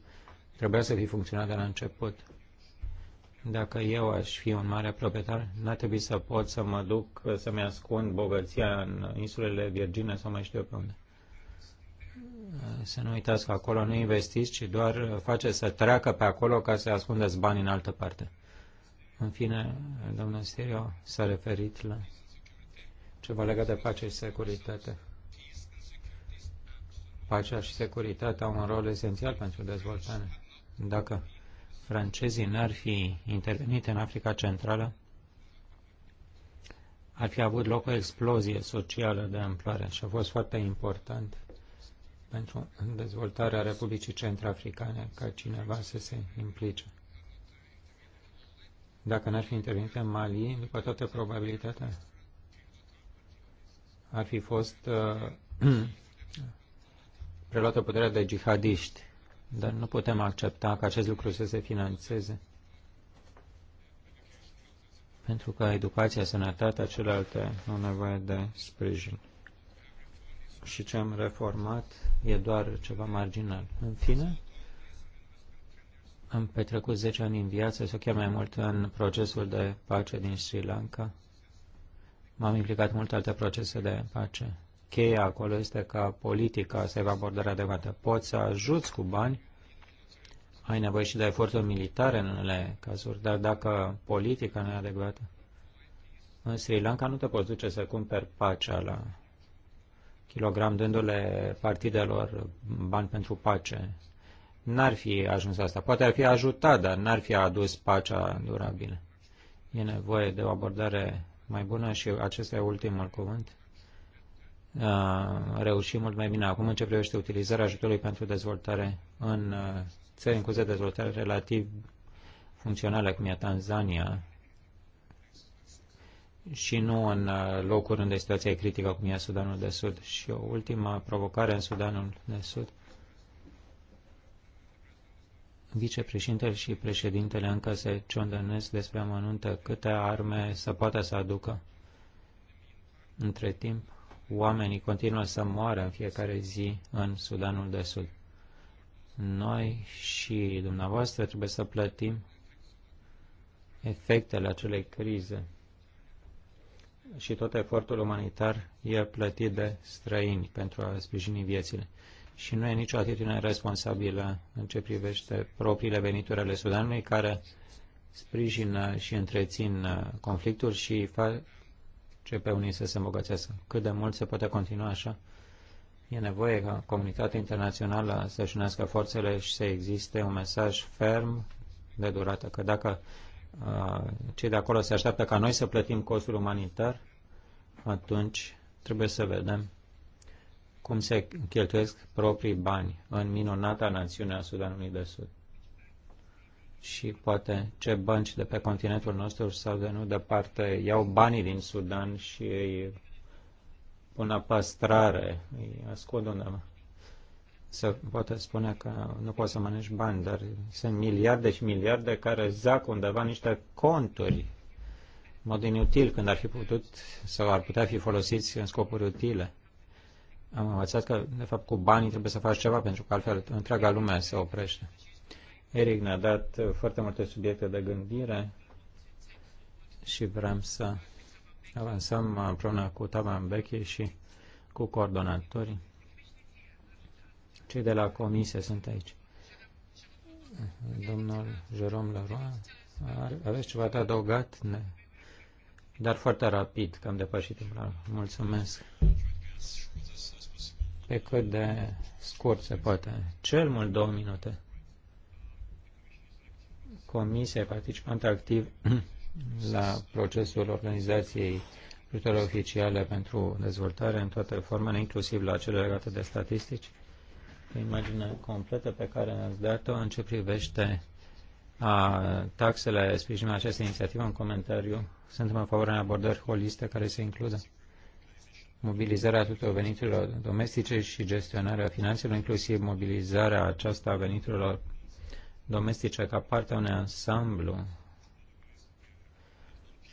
Trebuia să fi funcționat de la început. Dacă eu aș fi un mare proprietar, n-ar trebui să pot să mă duc să-mi ascund bogăția în insulele Virgine sau mai știu eu pe unde. Să nu uitați că acolo nu investiți, ci doar face să treacă pe acolo ca să ascundeți bani în altă parte. În fine, domnul Sirio s-a referit la ceva legat de pace și securitate. Pacea și securitatea au un rol esențial pentru dezvoltare. Dacă francezii n-ar fi intervenit în Africa Centrală, ar fi avut loc o explozie socială de amploare și a fost foarte important pentru dezvoltarea Republicii Centrafricane ca cineva să se implice. Dacă n-ar fi intervenit în Mali, după toată probabilitatea, ar fi fost uh, preluată puterea de jihadiști dar nu putem accepta ca acest lucru să se financeze. Pentru că educația, sănătatea, celelalte au nevoie de sprijin. Și ce am reformat e doar ceva marginal. În fine, am petrecut 10 ani în viață, sau chiar mai mult în procesul de pace din Sri Lanka. M-am implicat mult alte procese de pace cheia acolo este ca politica să aibă abordare adecvată. Poți să ajuți cu bani, ai nevoie și de eforturi militare în unele cazuri, dar dacă politica nu e adecvată, în Sri Lanka nu te poți duce să cumperi pacea la kilogram, dându-le partidelor bani pentru pace. N-ar fi ajuns asta. Poate ar fi ajutat, dar n-ar fi adus pacea durabilă. E nevoie de o abordare mai bună și acesta e ultimul cuvânt reuși mult mai bine. Acum, în ce privește utilizarea ajutorului pentru dezvoltare în uh, țări în curs de dezvoltare relativ funcționale, cum e Tanzania, și nu în uh, locuri unde situația e critică, cum e Sudanul de Sud. Și o ultima provocare în Sudanul de Sud. Vicepreședintele și președintele încă se ciondănesc despre amănuntă câte arme să poate să aducă. Între timp, oamenii continuă să moară în fiecare zi în Sudanul de Sud. Noi și dumneavoastră trebuie să plătim efectele acelei crize. Și tot efortul umanitar e plătit de străini pentru a sprijini viețile. Și nu e nicio atitudine responsabilă în ce privește propriile venituri ale Sudanului, care sprijină și întrețin conflictul și ce pe unii să se îmbogățească. Cât de mult se poate continua așa? E nevoie ca comunitatea internațională să-și unească forțele și să existe un mesaj ferm de durată, că dacă uh, cei de acolo se așteaptă ca noi să plătim costul umanitar, atunci trebuie să vedem cum se cheltuiesc proprii bani în minunata națiune a Sudanului de Sud și poate ce bănci de pe continentul nostru sau de nu departe iau banii din Sudan și îi pun la păstrare, îi ascund undeva. Se poate spune că nu poți să mănânci bani, dar sunt miliarde și miliarde care zac undeva niște conturi în mod inutil când ar fi putut sau ar putea fi folosiți în scopuri utile. Am învățat că, de fapt, cu banii trebuie să faci ceva, pentru că altfel întreaga lume se oprește. Eric ne-a dat uh, foarte multe subiecte de gândire și vrem să avansăm împreună cu Taban Beche și cu coordonatorii. Cei de la comisie sunt aici. Domnul Jerome Leroy, aveți ceva de adăugat? Ne. Dar foarte rapid, că am depășit timpul. Mulțumesc. Pe cât de scurt se poate. Cel mult două minute. Comisia e participant activ la procesul organizației lucrurilor oficiale pentru dezvoltare în toate formele, inclusiv la cele legate de statistici. O imagine completă pe care ne-ați dat-o în ce privește a taxele sprijinul această inițiativă în comentariu. Suntem în favoarea abordări holiste care să includă mobilizarea tuturor veniturilor domestice și gestionarea finanțelor, inclusiv mobilizarea aceasta a veniturilor domestice ca parte a unui ansamblu.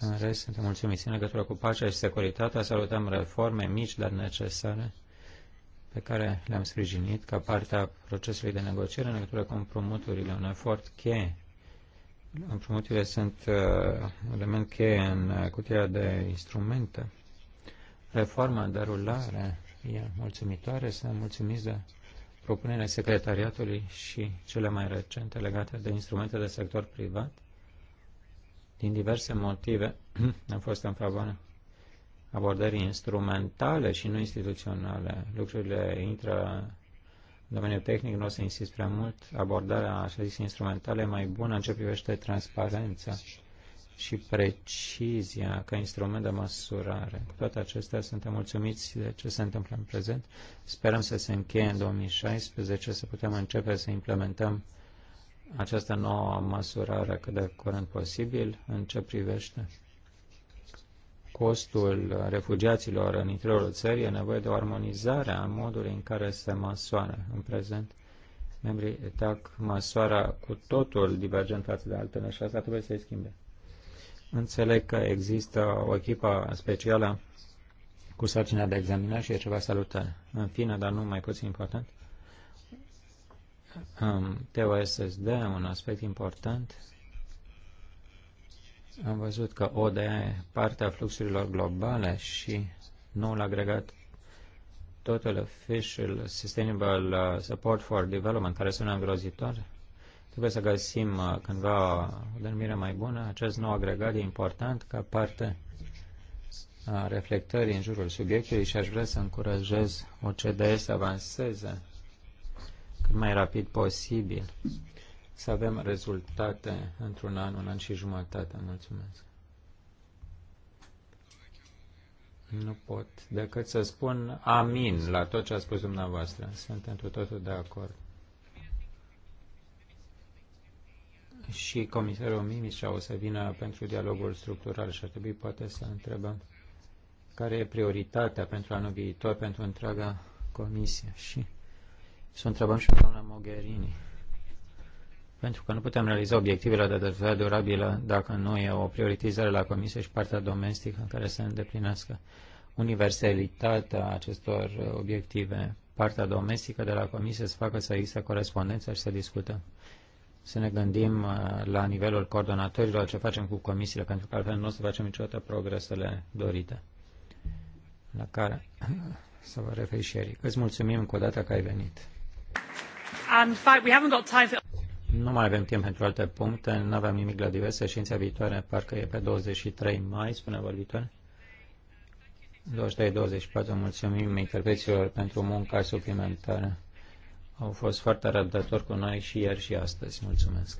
În rest, suntem mulțumiți în legătură cu pacea și securitatea. Salutăm reforme mici, dar necesare, pe care le-am sprijinit ca parte a procesului de negociere în legătură cu împrumuturile, un efort cheie. Împrumuturile sunt uh, element cheie în uh, cutia de instrumente. Reforma de e mulțumitoare, sunt mulțumiți de propunerile secretariatului și cele mai recente legate de instrumente de sector privat, din diverse motive, am fost în favoarea abordării instrumentale și nu instituționale. Lucrurile intră în domeniul tehnic, nu o să insist prea mult, abordarea, așa zis, instrumentale e mai bună în ce privește transparența și precizia ca instrument de măsurare. Cu toate acestea, suntem mulțumiți de ce se întâmplă în prezent. Sperăm să se încheie în 2016, să putem începe să implementăm această nouă măsurare cât de curând posibil în ce privește costul refugiaților în interiorul țării, e nevoie de o armonizare a modului în care se măsoară în prezent. Membrii ETAC măsoară cu totul divergent față de altele și asta trebuie să-i schimbe. Înțeleg că există o echipă specială cu sarcina de examinare și e ceva salutar. În fine, dar nu mai puțin important, TOSSD, un aspect important, am văzut că ODE e partea fluxurilor globale și noul agregat Total Official Sustainable uh, Support for Development, care sună îngrozitor, Trebuie să găsim uh, cândva o denumire mai bună. Acest nou agregat e important ca parte a reflectării în jurul subiectului și aș vrea să încurajez OCDE să avanseze cât mai rapid posibil să avem rezultate într-un an, un an și jumătate. Mulțumesc. Nu pot decât să spun amin la tot ce a spus dumneavoastră. Sunt întru totul de acord. și comisarul Mimicea o să vină pentru dialogul structural și ar trebui poate să întrebăm care e prioritatea pentru anul viitor, pentru întreaga comisie și să întrebăm și pe doamna Mogherini. Pentru că nu putem realiza obiectivele de dezvoltare durabilă dacă nu e o prioritizare la comisie și partea domestică în care să îndeplinească universalitatea acestor obiective. Partea domestică de la comisie să facă să există corespondență și să discutăm să ne gândim uh, la nivelul coordonatorilor ce facem cu comisiile, pentru că altfel nu o să facem niciodată progresele dorite, la care să vă referi și Eric. Îți mulțumim încă o dată că ai venit. And fact, we haven't got time for... Nu mai avem timp pentru alte puncte, nu avem nimic la diverse. Știința viitoare parcă e pe 23 mai, spune vorbitoare. 23-24, mulțumim interpreților pentru munca suplimentară au fost foarte răbdători cu noi și ieri și astăzi. Mulțumesc!